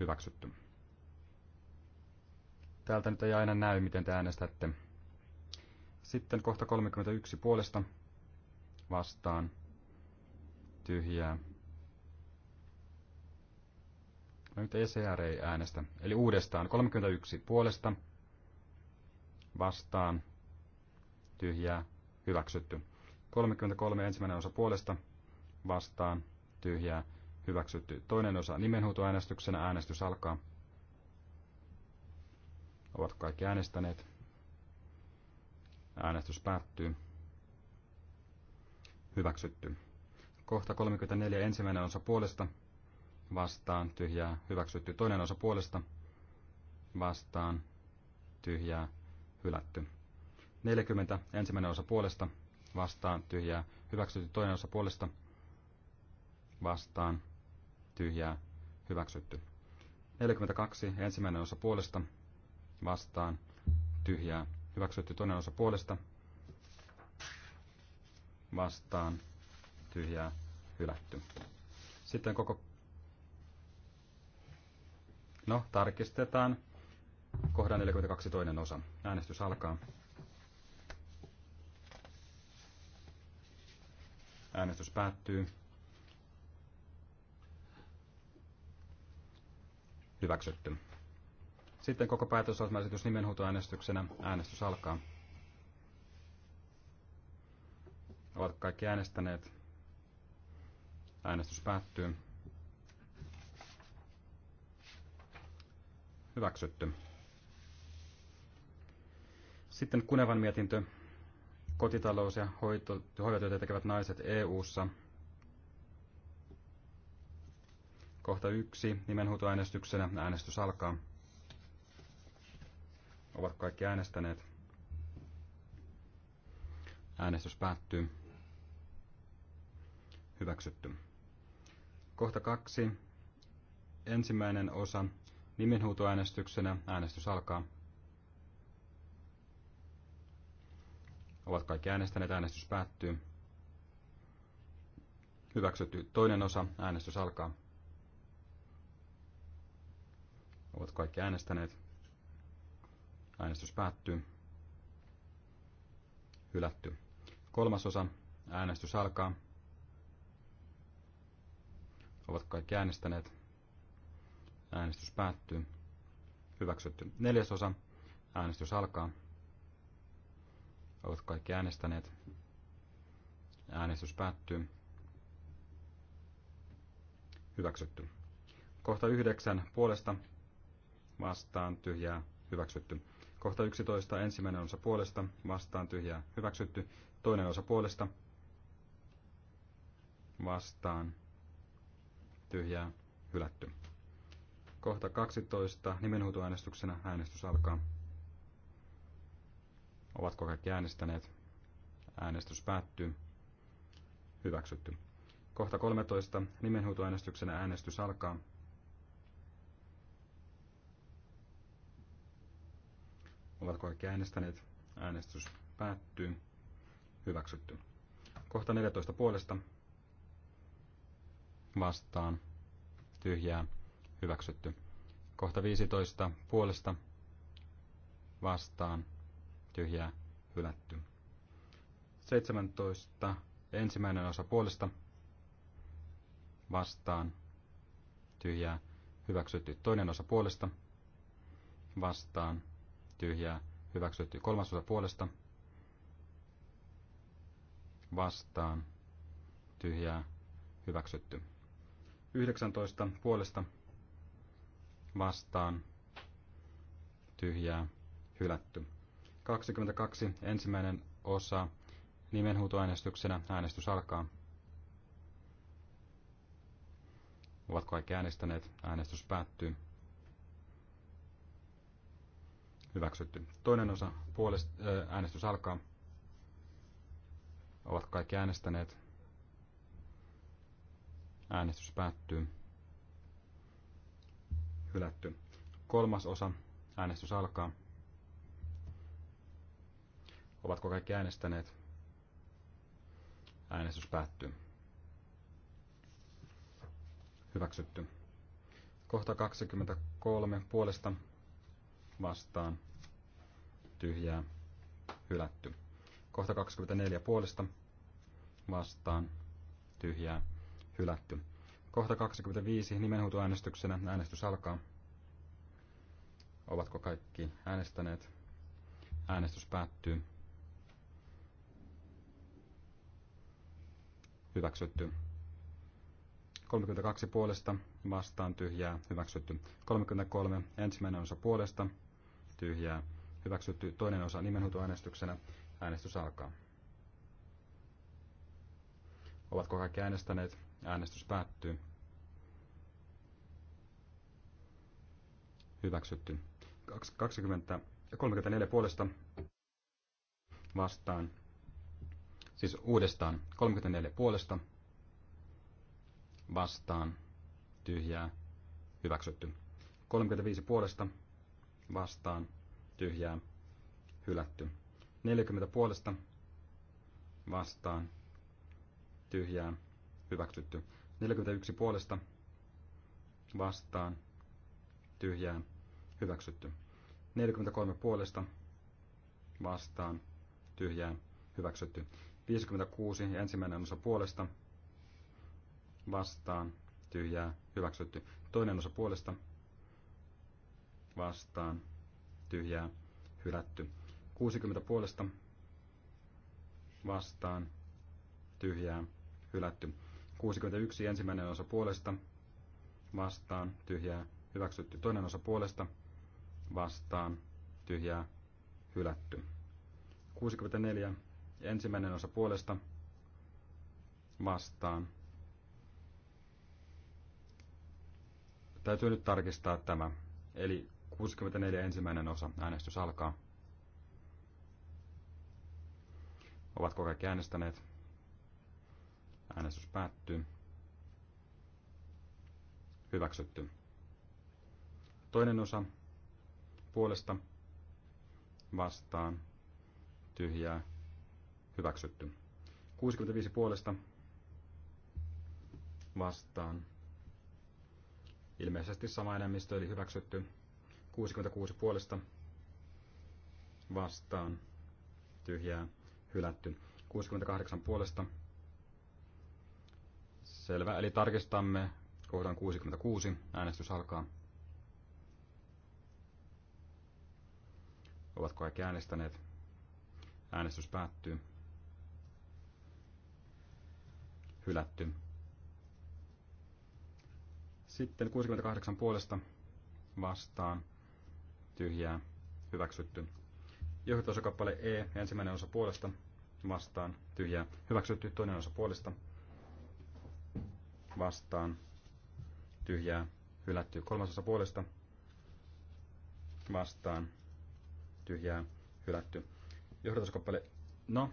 S1: Hyväksytty. Täältä nyt ei aina näy, miten te äänestätte. Sitten kohta 31 puolesta vastaan tyhjää. No nyt ECR ei äänestä. Eli uudestaan 31 puolesta vastaan tyhjää hyväksytty. 33 ensimmäinen osa puolesta vastaan tyhjää hyväksytty. Toinen osa nimenhuutoäänestyksenä äänestys alkaa. Ovat kaikki äänestäneet. Äänestys päättyy. Hyväksytty. Kohta 34 ensimmäinen osa puolesta. Vastaan tyhjää. Hyväksytty. Toinen osa puolesta. Vastaan tyhjää. Hylätty. 40 ensimmäinen osa puolesta. Vastaan tyhjää. Hyväksytty. Toinen osa puolesta. Vastaan tyhjää. Hyväksytty. 42 ensimmäinen osa puolesta vastaan tyhjää hyväksytty toinen osa puolesta vastaan tyhjää hylätty. Sitten koko... No, tarkistetaan. Kohdan 42 toinen osa. Äänestys alkaa. Äänestys päättyy. Hyväksytty. Sitten koko päätösasmaesitys nimenhuutoäänestyksenä. Äänestys alkaa. Ovat kaikki äänestäneet. Äänestys päättyy. Hyväksytty. Sitten Kunevan mietintö. Kotitalous- ja hoito, tekevät naiset EU-ssa. Kohta yksi nimenhuutoäänestyksenä. Äänestys alkaa. Ovat kaikki äänestäneet? Äänestys päättyy. Hyväksytty. Kohta kaksi. Ensimmäinen osa. Nimenhuutoäänestyksenä äänestys alkaa. Ovat kaikki äänestäneet, äänestys päättyy. Hyväksytty toinen osa, äänestys alkaa. Ovat kaikki äänestäneet, Äänestys päättyy. Hylätty. Kolmasosa. Äänestys alkaa. Ovat kaikki äänestäneet. Äänestys päättyy. Hyväksytty. Neljäsosa. Äänestys alkaa. Ovat kaikki äänestäneet. Äänestys päättyy. Hyväksytty. Kohta yhdeksän puolesta vastaan tyhjää hyväksytty. Kohta 11. Ensimmäinen osa puolesta vastaan tyhjää hyväksytty. Toinen osa puolesta vastaan tyhjää hylätty. Kohta 12. Nimenhuutoäänestyksenä äänestys alkaa. Ovatko kaikki äänestäneet? Äänestys päättyy. Hyväksytty. Kohta 13. Nimenhuutoäänestyksenä äänestys alkaa. Ovatko kaikki äänestäneet? Äänestys päättyy. Hyväksytty. Kohta 14 puolesta. Vastaan. Tyhjää. Hyväksytty. Kohta 15 puolesta. Vastaan. Tyhjää. Hylätty. 17. Ensimmäinen osa puolesta. Vastaan. Tyhjää. Hyväksytty. Toinen osa puolesta. Vastaan tyhjää hyväksytty. Kolmasosa puolesta vastaan tyhjää hyväksytty. 19 puolesta vastaan tyhjää hylätty. 22 ensimmäinen osa nimenhuutoäänestyksenä äänestys alkaa. Ovatko kaikki äänestäneet? Äänestys päättyy. Hyväksytty. Toinen osa puolesta, äänestys alkaa. Ovat kaikki äänestäneet. Äänestys päättyy. Hylätty. Kolmas osa. Äänestys alkaa. Ovatko kaikki äänestäneet? Äänestys päättyy. Hyväksytty. Kohta 23 puolesta vastaan tyhjää hylätty. Kohta 24 puolesta vastaan tyhjää hylätty. Kohta 25 nimenhuutoäänestyksenä äänestys alkaa. Ovatko kaikki äänestäneet? Äänestys päättyy. Hyväksytty. 32 puolesta vastaan tyhjää hyväksytty. 33 ensimmäinen osa puolesta tyhjää Hyväksytty toinen osa nimenhuutoäänestyksenä. Äänestys alkaa. Ovatko kaikki äänestäneet? Äänestys päättyy. Hyväksytty. 20, 34 puolesta vastaan. Siis uudestaan 34 puolesta vastaan. Tyhjää. Hyväksytty. 35 puolesta vastaan tyhjää, hylätty. 40 puolesta vastaan, tyhjää, hyväksytty. 41 puolesta vastaan, tyhjää, hyväksytty. 43 puolesta vastaan, tyhjää, hyväksytty. 56 ensimmäinen osa puolesta vastaan, tyhjää, hyväksytty. Toinen osa puolesta vastaan, tyhjää hylätty. 60 puolesta vastaan tyhjää hylätty. 61 ensimmäinen osa puolesta vastaan tyhjää hyväksytty. Toinen osa puolesta vastaan tyhjää hylätty. 64 ensimmäinen osa puolesta vastaan. Täytyy nyt tarkistaa tämä. Eli 64 ensimmäinen osa. Äänestys alkaa. Ovatko kaikki äänestäneet? Äänestys päättyy. Hyväksytty. Toinen osa puolesta vastaan tyhjää hyväksytty. 65 puolesta vastaan. Ilmeisesti sama enemmistö eli hyväksytty. 66 puolesta vastaan tyhjää hylätty. 68 puolesta selvä. Eli tarkistamme kohdan 66. Äänestys alkaa. Ovatko kaikki äänestäneet? Äänestys päättyy. Hylätty. Sitten 68 puolesta vastaan tyhjää, hyväksytty. Johdatusosakappale E, ensimmäinen osa puolesta, vastaan, tyhjää, hyväksytty. Toinen osa puolesta, vastaan, tyhjää, hylätty. Kolmas osa puolesta, vastaan, tyhjää, hylätty. Johdatuskappale, no,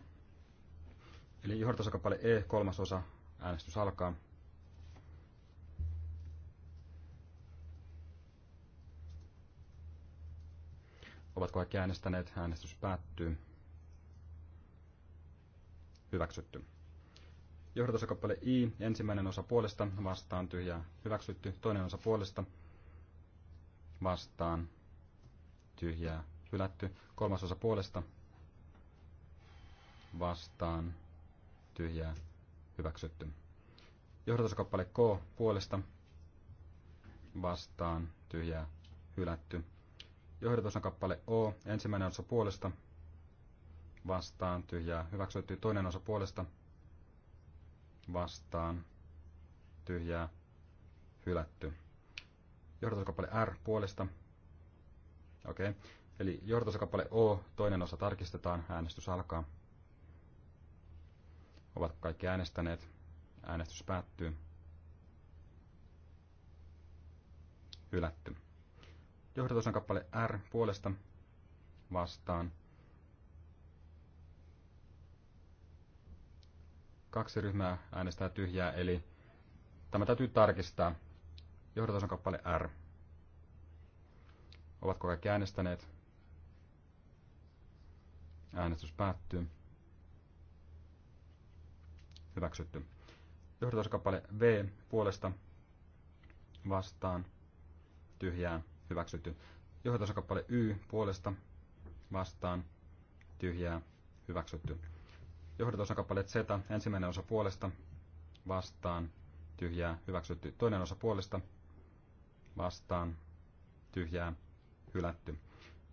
S1: eli johdatuskappale E, kolmas osa, äänestys alkaa. Ovatko kaikki äänestäneet? Äänestys päättyy. Hyväksytty. Johdatusakappale I, ensimmäinen osa puolesta, vastaan tyhjää, hyväksytty. Toinen osa puolesta, vastaan, tyhjää, hylätty. Kolmas osa puolesta, vastaan, tyhjää, hyväksytty. Johdatuskappale K puolesta vastaan tyhjää hylätty. Johdatus on kappale O. Ensimmäinen osa puolesta. Vastaan. Tyhjää. Hyväksytty. Toinen osa puolesta. Vastaan. Tyhjää. Hylätty. Johdatuskappale R puolesta. Okei. Okay. Eli johdatuskappale O. Toinen osa tarkistetaan. Äänestys alkaa. Ovat kaikki äänestäneet. Äänestys päättyy. Hylätty. Johdatus on kappale R puolesta vastaan. Kaksi ryhmää äänestää tyhjää, eli tämä täytyy tarkistaa. Johdatus on kappale R. Ovatko kaikki äänestäneet? Äänestys päättyy. Hyväksytty. Johdatus kappale V puolesta vastaan tyhjää hyväksytty. Johdatusakappale Y puolesta vastaan tyhjää hyväksytty. Johdatusakappale Z ensimmäinen osa puolesta vastaan tyhjää hyväksytty. Toinen osa puolesta vastaan tyhjää hylätty.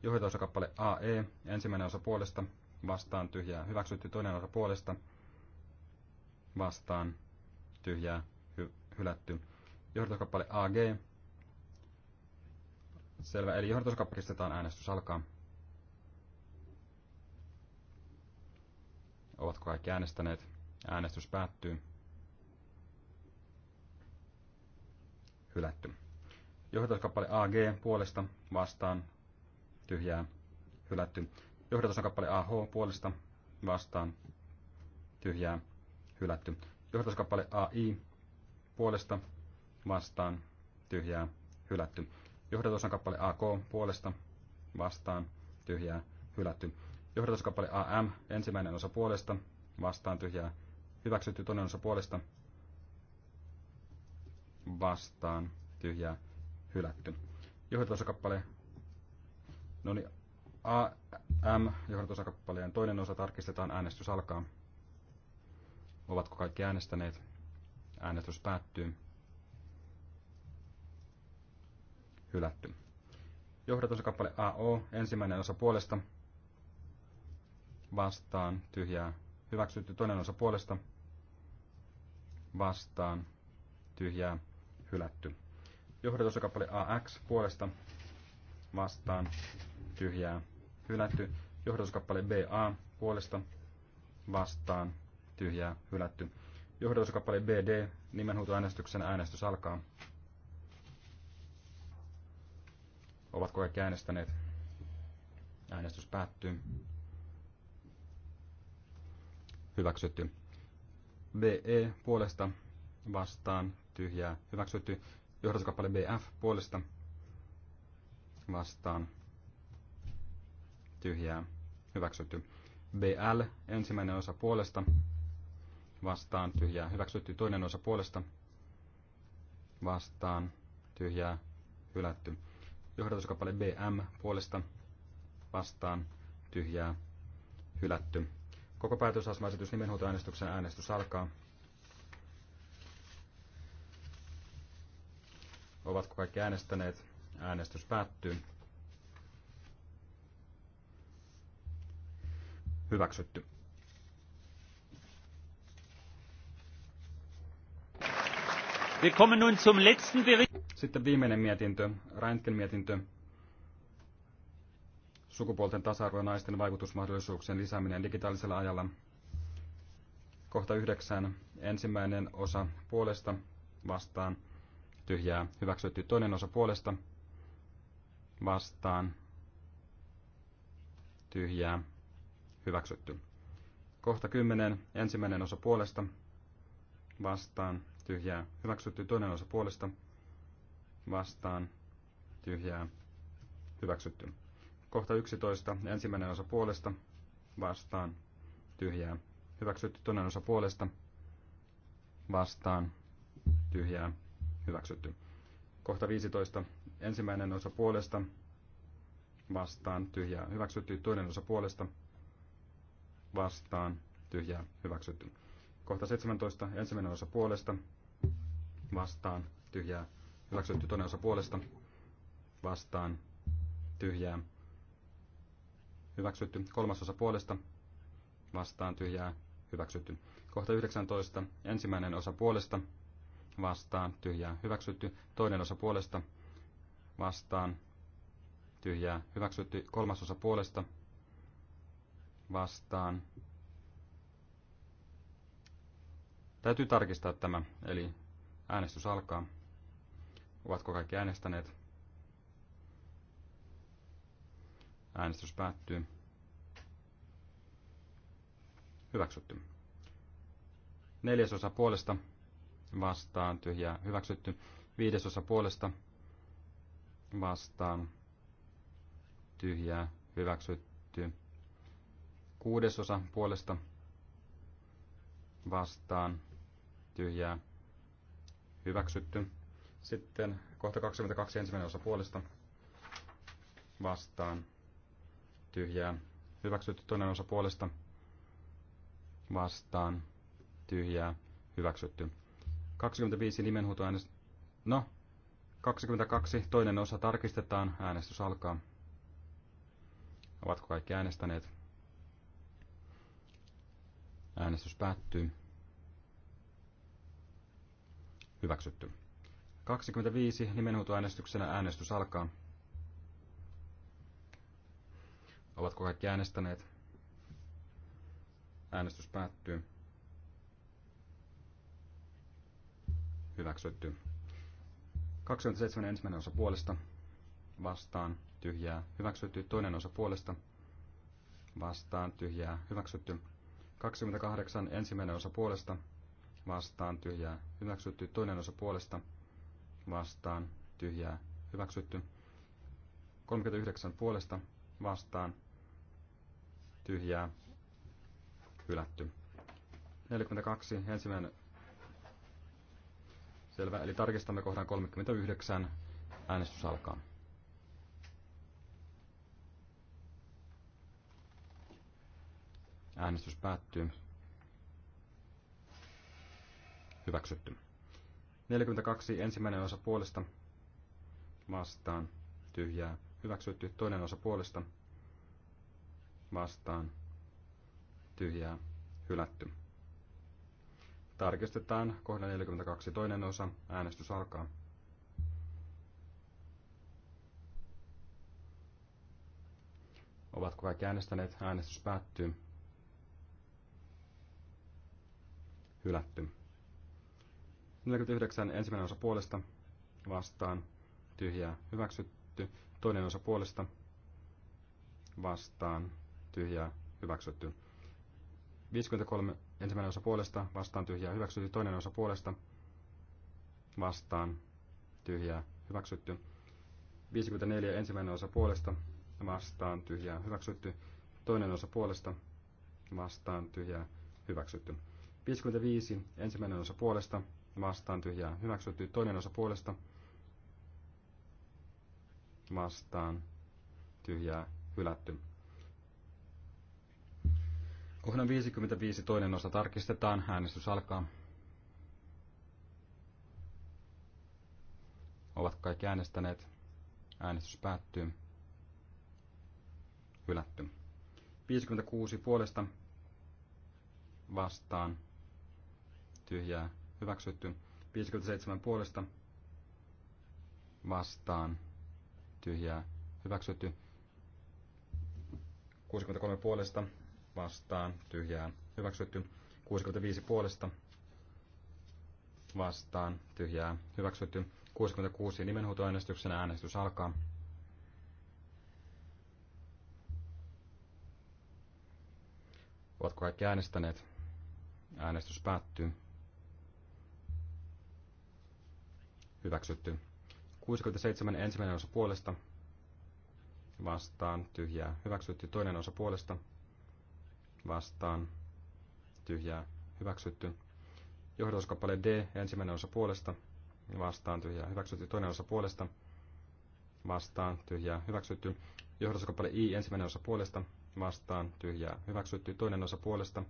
S1: Johdatusakappale AE ensimmäinen osa puolesta vastaan tyhjää hyväksytty. Toinen osa puolesta vastaan tyhjää hy- hylätty. Johdatuskappale AG Selvä, eli johdatuskappakistetaan äänestys alkaa. Ovatko kaikki äänestäneet? Äänestys päättyy. Hylätty. Johdatuskappale AG puolesta vastaan tyhjää hylätty. Johdatuskappale AH puolesta vastaan tyhjää hylätty. Johdatuskappale AI puolesta vastaan tyhjää hylätty on kappale AK puolesta vastaan tyhjää hylätty. Johdatus kappale AM ensimmäinen osa puolesta vastaan tyhjää hyväksytty. Toinen osa puolesta vastaan tyhjää hylätty. Johdatusan kappale no niin, AM johdatusakappaleen toinen osa tarkistetaan äänestys alkaa. Ovatko kaikki äänestäneet? Äänestys päättyy. hylätty. Johdatuskappale AO, ensimmäinen osa puolesta, vastaan, tyhjää, hyväksytty. Toinen osa puolesta, vastaan, tyhjää, hylätty. Johdatusosakappale AX puolesta, vastaan, tyhjää, hylätty. Johdatusosakappale BA puolesta, vastaan, tyhjää, hylätty. Johdatusosakappale BD, nimenhuutoäänestyksen äänestys alkaa. Ovatko kaikki äänestäneet? Äänestys päättyy. Hyväksytty. BE puolesta vastaan tyhjää. Hyväksytty. Johdatuskappale BF puolesta vastaan tyhjää. Hyväksytty. BL ensimmäinen osa puolesta vastaan tyhjää. Hyväksytty toinen osa puolesta vastaan tyhjää. Hylätty. Johdatuskappale BM puolesta vastaan tyhjää hylätty. Koko päätösasmaesitys nimenhuutoäänestyksen äänestys alkaa. Ovatko kaikki äänestäneet? Äänestys päättyy. Hyväksytty. Sitten viimeinen mietintö, Räntgen mietintö. Sukupuolten tasa-arvo ja naisten vaikutusmahdollisuuksien lisääminen digitaalisella ajalla. Kohta yhdeksän. Ensimmäinen osa puolesta vastaan. Tyhjää hyväksytty. Toinen osa puolesta vastaan. Tyhjää hyväksytty. Kohta kymmenen. Ensimmäinen osa puolesta vastaan tyhjää. Hyväksytty toinen osa puolesta vastaan tyhjää. Hyväksytty. Kohta 11. Ensimmäinen osa puolesta vastaan tyhjää. Hyväksytty toinen osa puolesta vastaan tyhjää. Hyväksytty. Kohta 15. Ensimmäinen osa puolesta vastaan tyhjää. Hyväksytty toinen osa puolesta vastaan tyhjää. Hyväksytty Kohta 17. Ensimmäinen osa puolesta. Vastaan. Tyhjää. Hyväksytty toinen osa puolesta. Vastaan. Tyhjää. Hyväksytty kolmas osa puolesta. Vastaan. Tyhjää. Hyväksytty. Kohta 19. Ensimmäinen osa puolesta. Vastaan. Tyhjää. Hyväksytty. Toinen osa puolesta. Vastaan. Tyhjää. Hyväksytty. Kolmas osa puolesta. Vastaan Täytyy tarkistaa tämä, eli äänestys alkaa. Ovatko kaikki äänestäneet? Äänestys päättyy. Hyväksytty. Neljäsosa puolesta vastaan tyhjää hyväksytty. Viidesosa puolesta vastaan tyhjää hyväksytty. Kuudesosa puolesta vastaan tyhjää hyväksytty. Sitten kohta 22 ensimmäinen osa puolesta vastaan tyhjää hyväksytty. Toinen osa puolesta vastaan tyhjää hyväksytty. 25 äänest... No, 22 toinen osa tarkistetaan. Äänestys alkaa. Ovatko kaikki äänestäneet? Äänestys päättyy. Hyväksytty. 25 nimenhuutoäänestyksenä äänestys alkaa. Ovatko kaikki äänestäneet? Äänestys päättyy. Hyväksytty. 27 ensimmäinen osa puolesta. Vastaan. Tyhjää. Hyväksytty. Toinen osa puolesta. Vastaan. Tyhjää. Hyväksytty. 28 ensimmäinen osa puolesta vastaan tyhjää hyväksytty. Toinen osa puolesta vastaan tyhjää hyväksytty. 39 puolesta vastaan tyhjää hylätty. 42 ensimmäinen selvä, eli tarkistamme kohdan 39. Äänestys alkaa. Äänestys päättyy. hyväksytty. 42 ensimmäinen osa puolesta vastaan tyhjää hyväksytty. Toinen osa puolesta vastaan tyhjää hylätty. Tarkistetaan kohdan 42 toinen osa. Äänestys alkaa. Ovatko kaikki äänestäneet? Äänestys päättyy. Hylätty. 49 ensimmäinen osa puolesta vastaan tyhjää hyväksytty. Toinen osa puolesta vastaan tyhjää hyväksytty. 53 ensimmäinen osa puolesta vastaan tyhjää hyväksytty. Toinen osa puolesta vastaan tyhjää hyväksytty. 54 ensimmäinen osa puolesta vastaan tyhjää hyväksytty. Toinen osa puolesta vastaan tyhjää hyväksytty. 55 ensimmäinen osa puolesta vastaan tyhjää hyväksytty. Toinen osa puolesta vastaan tyhjää hylätty. Kohdan 55 toinen osa tarkistetaan. Äänestys alkaa. Ovat kaikki äänestäneet. Äänestys päättyy. Hylätty. 56 puolesta vastaan. Tyhjää hyväksytty. 57 puolesta vastaan tyhjää hyväksytty. 63 puolesta vastaan tyhjää hyväksytty. 65 puolesta vastaan tyhjää hyväksytty. 66 nimenhuutoäänestyksenä äänestys alkaa. Ovatko kaikki äänestäneet? Äänestys päättyy. hyväksytty. 67 ensimmäinen osa puolesta vastaan tyhjää hyväksytty. Toinen osa puolesta vastaan tyhjää hyväksytty. Johdatuskappale D ensimmäinen osa puolesta vastaan tyhjää hyväksytty. Toinen osa puolesta vastaan tyhjää hyväksytty. Johdatuskappale I ensimmäinen osa puolesta vastaan tyhjää hyväksytty. Toinen osa puolesta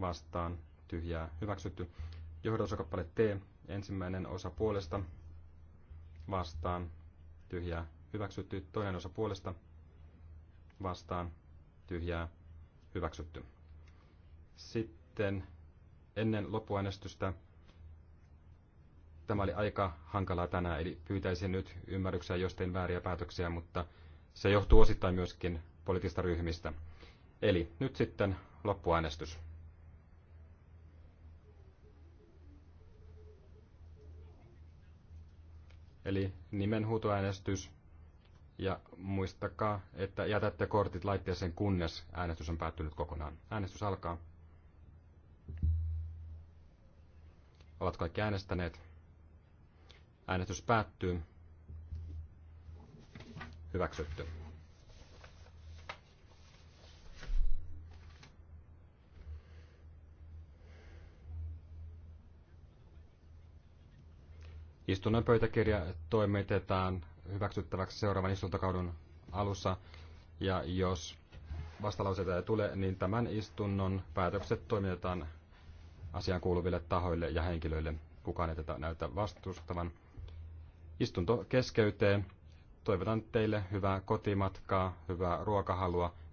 S1: vastaan tyhjää hyväksytty. Johdatuskappale T Ensimmäinen osa puolesta vastaan tyhjää hyväksytty. Toinen osa puolesta vastaan tyhjää hyväksytty. Sitten ennen loppuäänestystä tämä oli aika hankalaa tänään, eli pyytäisin nyt ymmärryksiä, jos tein vääriä päätöksiä, mutta se johtuu osittain myöskin poliittista ryhmistä. Eli nyt sitten loppuäänestys. Eli nimenhuutoäänestys. Ja muistakaa, että jätätte kortit laitteeseen kunnes äänestys on päättynyt kokonaan. Äänestys alkaa. Ovat kaikki äänestäneet. Äänestys päättyy. Hyväksytty. Istunnon pöytäkirja toimitetaan hyväksyttäväksi seuraavan istuntokauden alussa. Ja jos vastalauseita ei tule, niin tämän istunnon päätökset toimitetaan asian kuuluville tahoille ja henkilöille. Kukaan ei tätä näytä vastustavan. Istunto keskeyteen. Toivotan teille hyvää kotimatkaa, hyvää ruokahalua